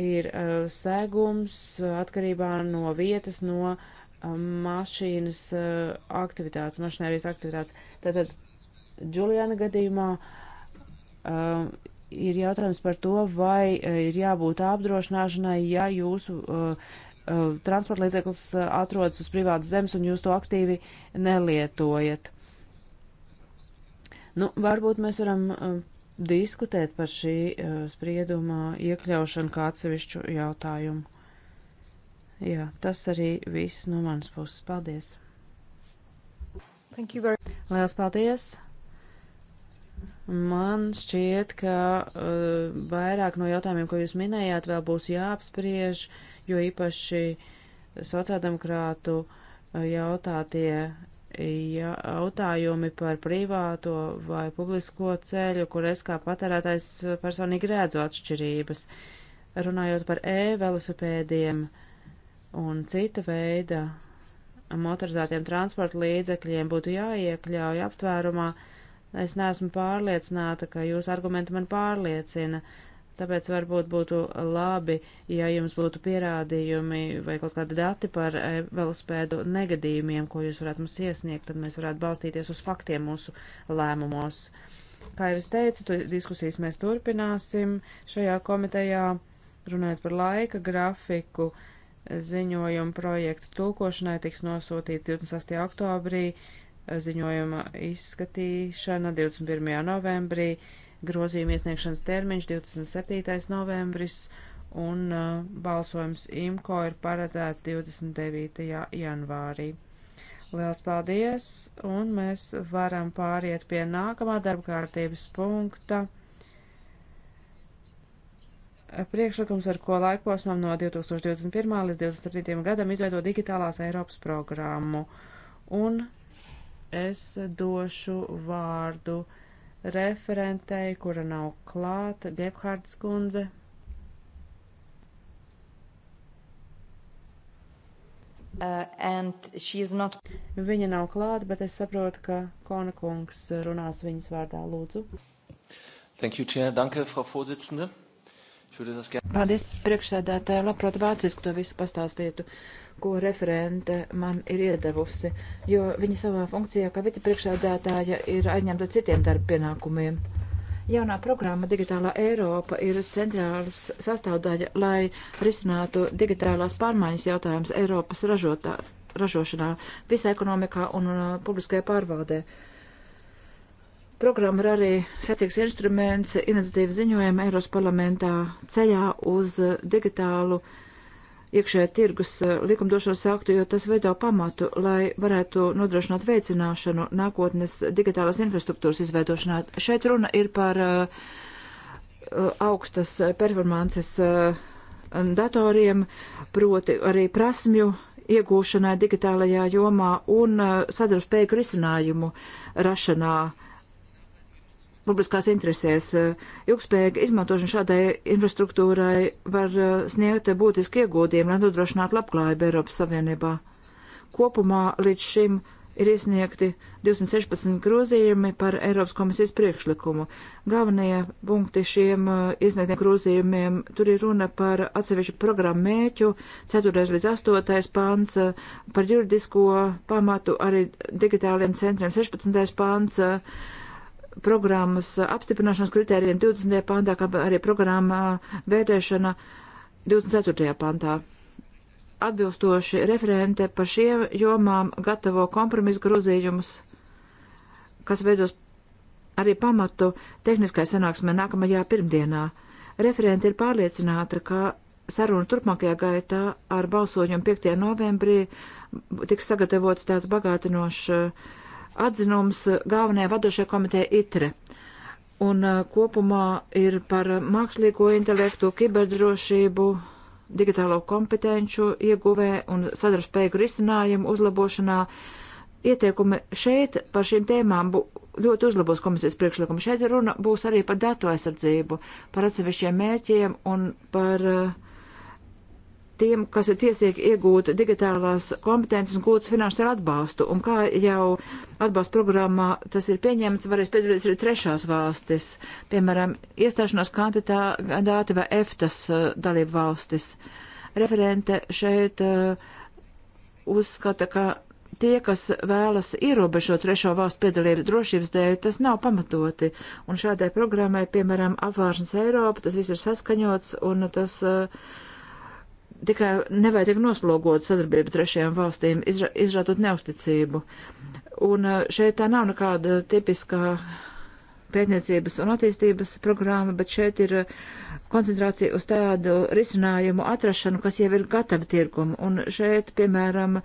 ir uh, segums atkarībā no vietas, no mašīnas aktivitātes, mašinērijas aktivitātes. Tātad Džuliana gadījumā um, ir jautājums par to, vai eh, ir jābūt apdrošināšanai, ja jūsu uh, uh, transporta līdzeklis atrodas uz privātas zemes un jūs to aktīvi nelietojat. Nu, varbūt mēs varam uh, diskutēt par šī uh, sprieduma iekļaušanu kā atsevišķu jautājumu. Jā, tas arī viss no manas puses. Paldies! Lielas paldies! Man šķiet, ka uh, vairāk no jautājumiem, ko jūs minējāt, vēl būs jāapspriež, jo īpaši sociāldemokrātu eh, jautātie jautājumi par privāto vai publisko ceļu, kur es kā patērētājs personīgi redzu atšķirības. Runājot par e-velosipēdiem un cita veida motorizētiem transporta līdzekļiem būtu jāiekļauj aptvērumā. Uh, Es neesmu pārliecināta, ka jūsu argumenti man pārliecina. Tāpēc varbūt būtu labi, ja jums būtu pierādījumi vai kaut kādi dati par velospēdu negadījumiem, ko jūs varētu mums iesniegt, tad mēs varētu balstīties uz faktiem mūsu lēmumos. Kā jau es teicu, tu, diskusijas mēs turpināsim šajā komitejā, runājot par laika grafiku. Ziņojuma projekts tulkošanai tiks nosūtīts 28. oktobrī ziņojuma izskatīšana 21. novembrī, grozījuma iesniegšanas termiņš 27. novembris un uh, balsojums IMCO ir paredzēts 29. janvārī. Liels paldies, un mēs varam pāriet pie nākamā darba kārtības punkta. Priekšlikums, ar ko laikposmam no 2021. līdz 2027. gadam izveido digitālās Eiropas programmu. Un es došu vārdu referentei, kura nav klāta, Gebhārds kundze. Uh, not... Viņa nav klāta, bet es saprotu, ka Kona kungs runās viņas vārdā. Lūdzu. Thank you, Chair. Danke, Frau Vorsitzende. Paldies, priekšsēdētāji. Labprāt, vāciski to visu pastāstītu. Uh, ko referente man ir iedevusi, jo viņa savā funkcijā kā vicepriekšādātāja ir aizņemta citiem darba pienākumiem. Jaunā programma Digitālā Eiropa ir centrāls sastāvdaļa, lai risinātu digitālās pārmaiņas jautājumus Eiropas ražotā, ražošanā, visā ekonomikā un uh, publiskajā pārvaldē. Programma ir arī secīgs instruments iniciatīvas ziņojuma Eiros parlamentā ceļā uz digitālu uh, iekšē tirgus eh, likumdošanas aktu, jo tas veido pamatu, lai varētu nodrošināt veicināšanu nākotnes digitālās infrastruktūras izveidošanā. Šeit runa ir par eh, augstas performances eh, datoriem, proti arī prasmju iegūšanai digitālajā jomā un sadarbspēju risinājumu rašanā. Uh, publiskās interesēs. Eh, ilgspējīga izmantošana šādai infrastruktūrai var eh, sniegt būtiski ieguldījumi, lai nodrošinātu labklājību Eiropas Savienībā. Kopumā līdz šim ir iesniegti 216 grozījumi par Eiropas komisijas priekšlikumu. Galvenie punkti šiem eh, iesniegtiem grozījumiem tur ir runa par atsevišķu programmu mēķu, 4. līdz 8. pāns, par juridisko pamatu arī digitāliem centriem 16. pāns programmas apstiprināšanas kritērijiem 20. pantā, kā arī programma vērtēšana 24. pantā. Atbilstoši referente par šiem jomām gatavo kompromisu grozījumus, kas veidos arī pamatu tehniskai sanāksmē nākamajā pirmdienā. Referente ir pārliecināta, ka saruna turpmākajā gaitā ar balsojumu 5. novembrī tiks sagatavots tāds bagātinošs atzinums eh, galvenajai vadošajai komitejai ITRE. Un eh, kopumā ir par mākslīgo intelektu, kiberdrošību, digitālo kompetenču ieguvē un sadarbspēju risinājumu uzlabošanā. Ieteikumi šeit par šīm tēmām ļoti uzlabos komisijas priekšlikumu. Šeit runa būs arī par datu aizsardzību, par atsevišķiem mērķiem un par uh, tiem, kas ir tiesīgi iegūt digitālās kompetences un gūtas finansiālu atbalstu. Un kā jau atbalsta programmā tas ir pieņemts, varēs piedalīties arī trešās valstis, piemēram, iestāšanās kandidāti vai EFTAS uh, dalību valstis. Referente šeit uh, uzskata, ka tie, kas vēlas ierobežot trešo valstu piedalību drošības dēļ, tas nav pamatoti. Un šādai programmai, piemēram, apvāršanas Eiropa, tas viss ir saskaņots un tas uh, tikai nevajadzīgi noslogot sadarbību trešajām valstīm, izra, izrādot neusticību. Un e, šeit tā nav nekāda tipiskā pētniecības un attīstības programma, bet šeit ir e, koncentrācija uz tādu risinājumu atrašanu, kas jau ir gatava tirgumu. Un šeit, piemēram,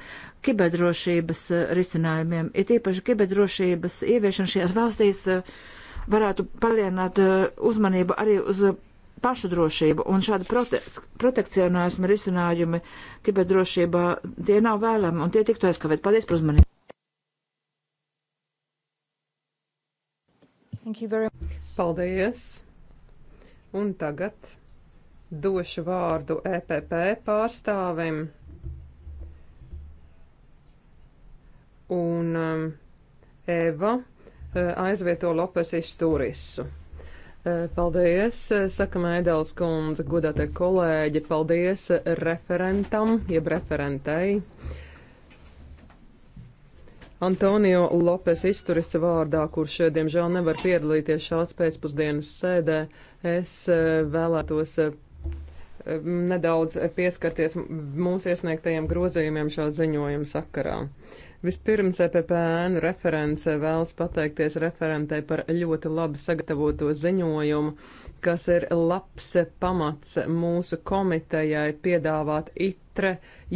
kiberdrošības e, risinājumiem, ir tīpaši kiberdrošības ieviešana šajās valstīs varētu palielināt uzmanību arī uz pašu drošību un šāda prote protekcionāsma risinājumi kiberdrošībā tie nav vēlami un tie tiktu aizskavēt. Paldies par uzmanību. Paldies! Un tagad došu vārdu EPP pārstāvim. Un um, Eva uh, aizvieto Lopes izturisu. Eh, paldies, eh, saka Mēdeles kundze, godātie kolēģi, paldies referentam, jeb referentei. Antonio Lopes izturists vārdā, kurš, eh, diemžēl, nevar piedalīties šās pēcpusdienas sēdē, es vēlētos nedaudz pieskarties mūsu iesniegtajiem grozījumiem šā ziņojuma sakarā. Vispirms EPPN reference vēlas pateikties referentē par ļoti labi sagatavoto ziņojumu, kas ir labs pamats mūsu komitejai piedāvāt itre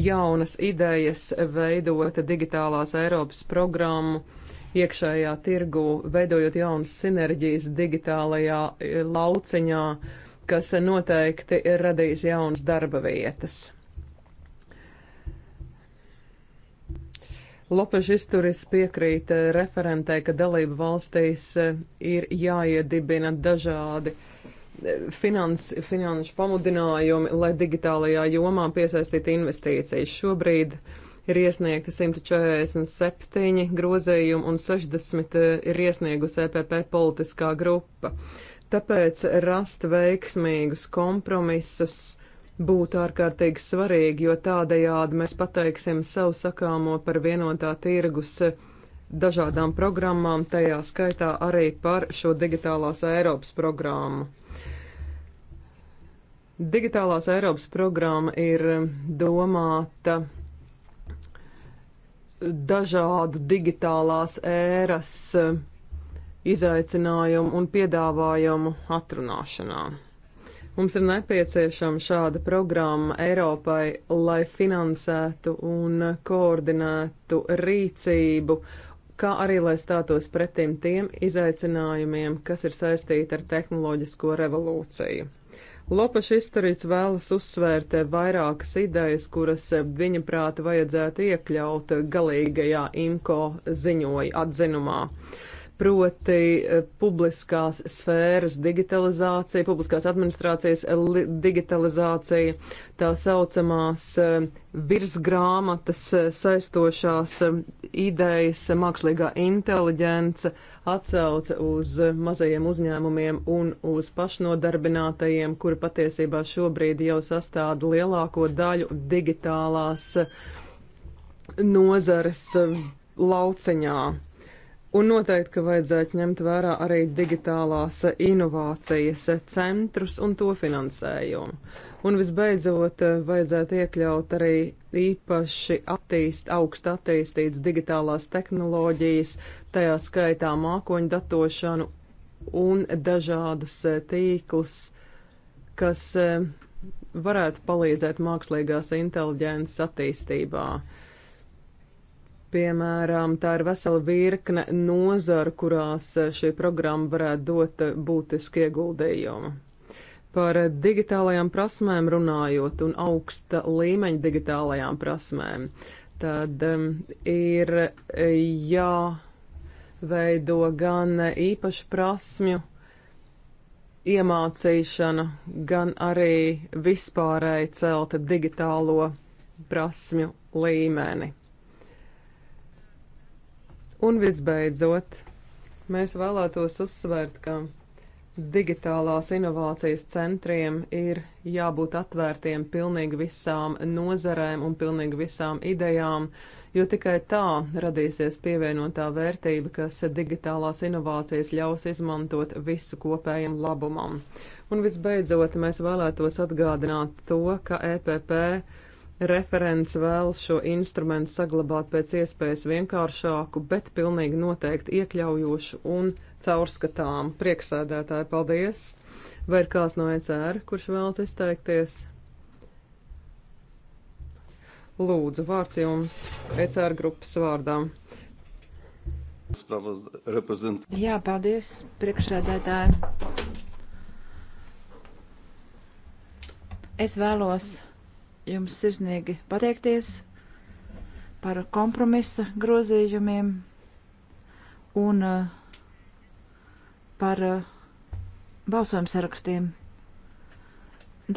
jaunas idejas veidot digitālās Eiropas programmu iekšējā tirgu, veidojot jaunas sinerģijas digitālajā e, lauciņā kas noteikti radīs jaunas darba vietas. Lopeš izturis piekrīt referentē, ka dalību valstīs ir jāiedibina dažādi e, finans, finanšu pamudinājumi, lai digitālajā jomā piesaistītu investīcijas. Šobrīd ir iesniegta 147 grozējumi un 60 e, ir iesniegusi EPP politiskā grupa. Uh, Tāpēc rast veiksmīgus kompromisus būtu ārkārtīgi svarīgi, jo tādējādi mēs pateiksim savu sakāmo par vienotā tirgus dažādām programmām, tajā skaitā arī par šo digitālās Eiropas programmu. Digitālās Eiropas programma ir domāta dažādu digitālās ēras izaicinājumu un piedāvājumu atrunāšanā. Mums ir nepieciešama šāda programma Eiropai, lai finansētu un koordinētu rīcību, kā arī lai stātos pretim tiem izaicinājumiem, kas ir saistīti ar tehnoloģisko revolūciju. Lopaša izturīts vēlas uzsvērt vairākas idejas, kuras viņa prāta vajadzētu iekļaut galīgajā IMCO ziņoja atzinumā. Uh, proti eh, publiskās sfēras digitalizācija, publiskās administrācijas eh, digitalizācija, tā saucamās eh, virsgrāmatas saistošās idejas, mākslīgā inteliģence, atsauce uz mazajiem uzņēmumiem un uz pašnodarbinātajiem, kuri patiesībā šobrīd jau sastāda lielāko daļu digitālās nozares lauciņā. Un noteikti, ka vajadzētu ņemt vērā arī digitālās inovācijas centrus un to finansējumu. Un visbeidzot, vajadzētu iekļaut arī īpaši attīst, augst attīstītas digitālās tehnoloģijas, tajā skaitā mākoņu datošanu un dažādus eh, tīklus, kas eh, varētu palīdzēt mākslīgās inteliģences attīstībā. Uh, Piemēram, tā ir vesela virkne nozaru, kurās šī programma varētu dot būtiski ieguldījumu. Par digitālajām prasmēm runājot un augsta līmeņa digitālajām prasmēm, tad um, ir jāveido gan īpašu prasmju iemācīšana, gan arī vispārēji celta digitālo prasmju līmeni. Un visbeidzot, mēs vēlētos uzsvērt, ka digitālās inovācijas centriem ir jābūt atvērtiem pilnīgi visām nozarēm un pilnīgi visām idejām, jo tikai tā radīsies pievienotā vērtība, kas digitālās inovācijas ļaus izmantot visu kopējiem labumam. Un visbeidzot, mēs vēlētos atgādināt to, ka EPP Referents vēlas šo instrumentu saglabāt pēc iespējas vienkāršāku, bet pilnīgi noteikti iekļaujošu un caurskatāmu. Prieksēdētāji, paldies! Vai ir kāds no ECR, kurš vēlas izteikties? Lūdzu, vārds jums ECR grupas vārdām. Jā, paldies, priekšsēdētāji. Es vēlos. Mm jums sirsnīgi pateikties par kompromisa grozījumiem un eh, par eh, balsojuma sarakstiem.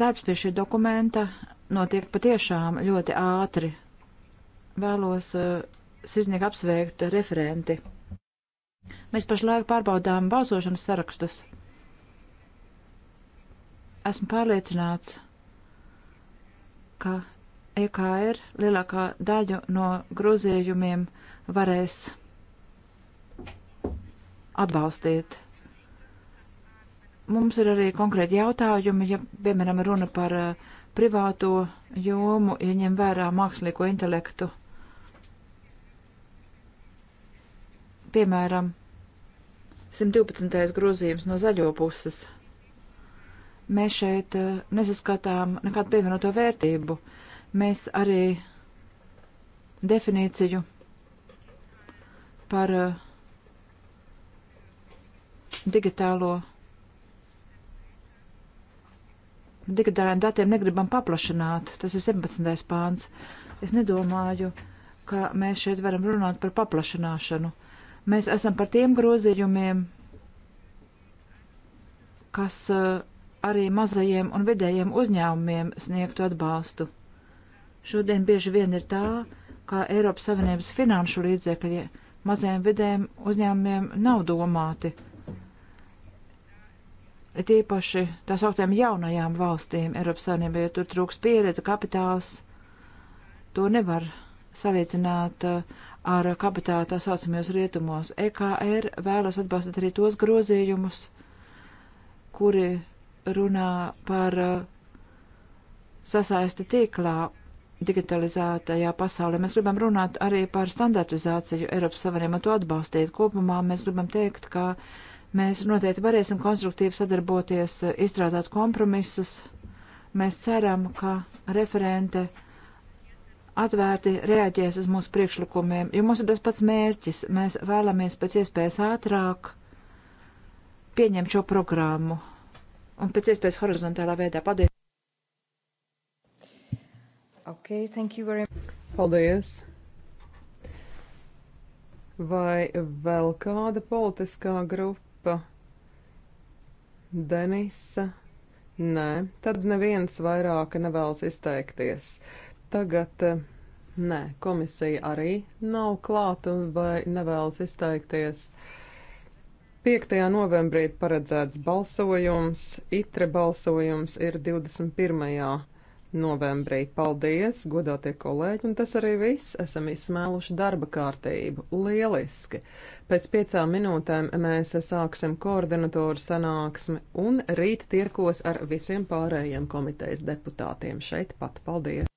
Darbs pie šī dokumenta notiek patiešām ļoti ātri. Vēlos eh, sirsnīgi apsveikt referenti. Mēs pašlaik pārbaudām balsošanas sarakstus. Esmu pārliecināts, ka EKR lielākā daļa no grozījumiem varēs atbalstīt. Mums ir arī konkrēti jautājumi, ja, piemēram, runa par uh, privāto jomu, ja ņem vērā mākslīgo intelektu. Piemēram, 112. grozījums no zaļo puses. Mēs šeit eh, nesaskatām nekādu pievienoto vērtību. Mēs arī definīciju par eh, digitālo digitālajiem datiem negribam paplašināt. Tas ir 17. pāns. Es nedomāju, ka mēs šeit varam runāt par paplašināšanu. Mēs esam par tiem grozījumiem, kas uh, arī mazajiem un vidējiem uzņēmumiem sniegtu atbalstu. Šodien bieži vien ir tā, ka Eiropas Savienības finanšu līdzekļi mazajiem vidējiem uzņēmumiem nav domāti. Ir īpaši tā sauktiem jaunajām valstīm Eiropas Savienībā, jo tur trūks pieredze, kapitāls. To nevar salīdzināt uh, ar kapitālu tā saucamajos rietumos. EKR er vēlas atbalstīt arī tos grozījumus, kuri runā par uh, sasaisti tīklā digitalizētajā pasaulē. Mēs gribam runāt arī par standartizāciju Eiropas Savienībā un to atbalstīt. Kopumā mēs gribam teikt, ka mēs noteikti varēsim konstruktīvi sadarboties, izstrādāt kompromisus. Mēs ceram, ka referente atvērti reaģēs uz mūsu priekšlikumiem, jo mums ir tas pats mērķis. Mēs vēlamies pēc iespējas ātrāk pieņemt šo programmu un pēc iespējas horizontālā veidā. Paldies! Okay, thank you very much. Paldies! Vai vēl kāda politiskā grupa? Denisa? Nē, tad neviens vairāk nevēlas izteikties. Tagad, nē, komisija arī nav klāta vai nevēlas izteikties. Uh, 5. novembrī ir paredzēts balsojums, itre balsojums ir 21. novembrī. Paldies, godātie kolēģi, un tas arī viss. Esam izsmēluši darba kārtību. Lieliski! Pēc piecām minūtēm mēs sāksim koordinatoru sanāksmi un rīt tirkos ar visiem pārējiem komitejas deputātiem šeit pat. Paldies!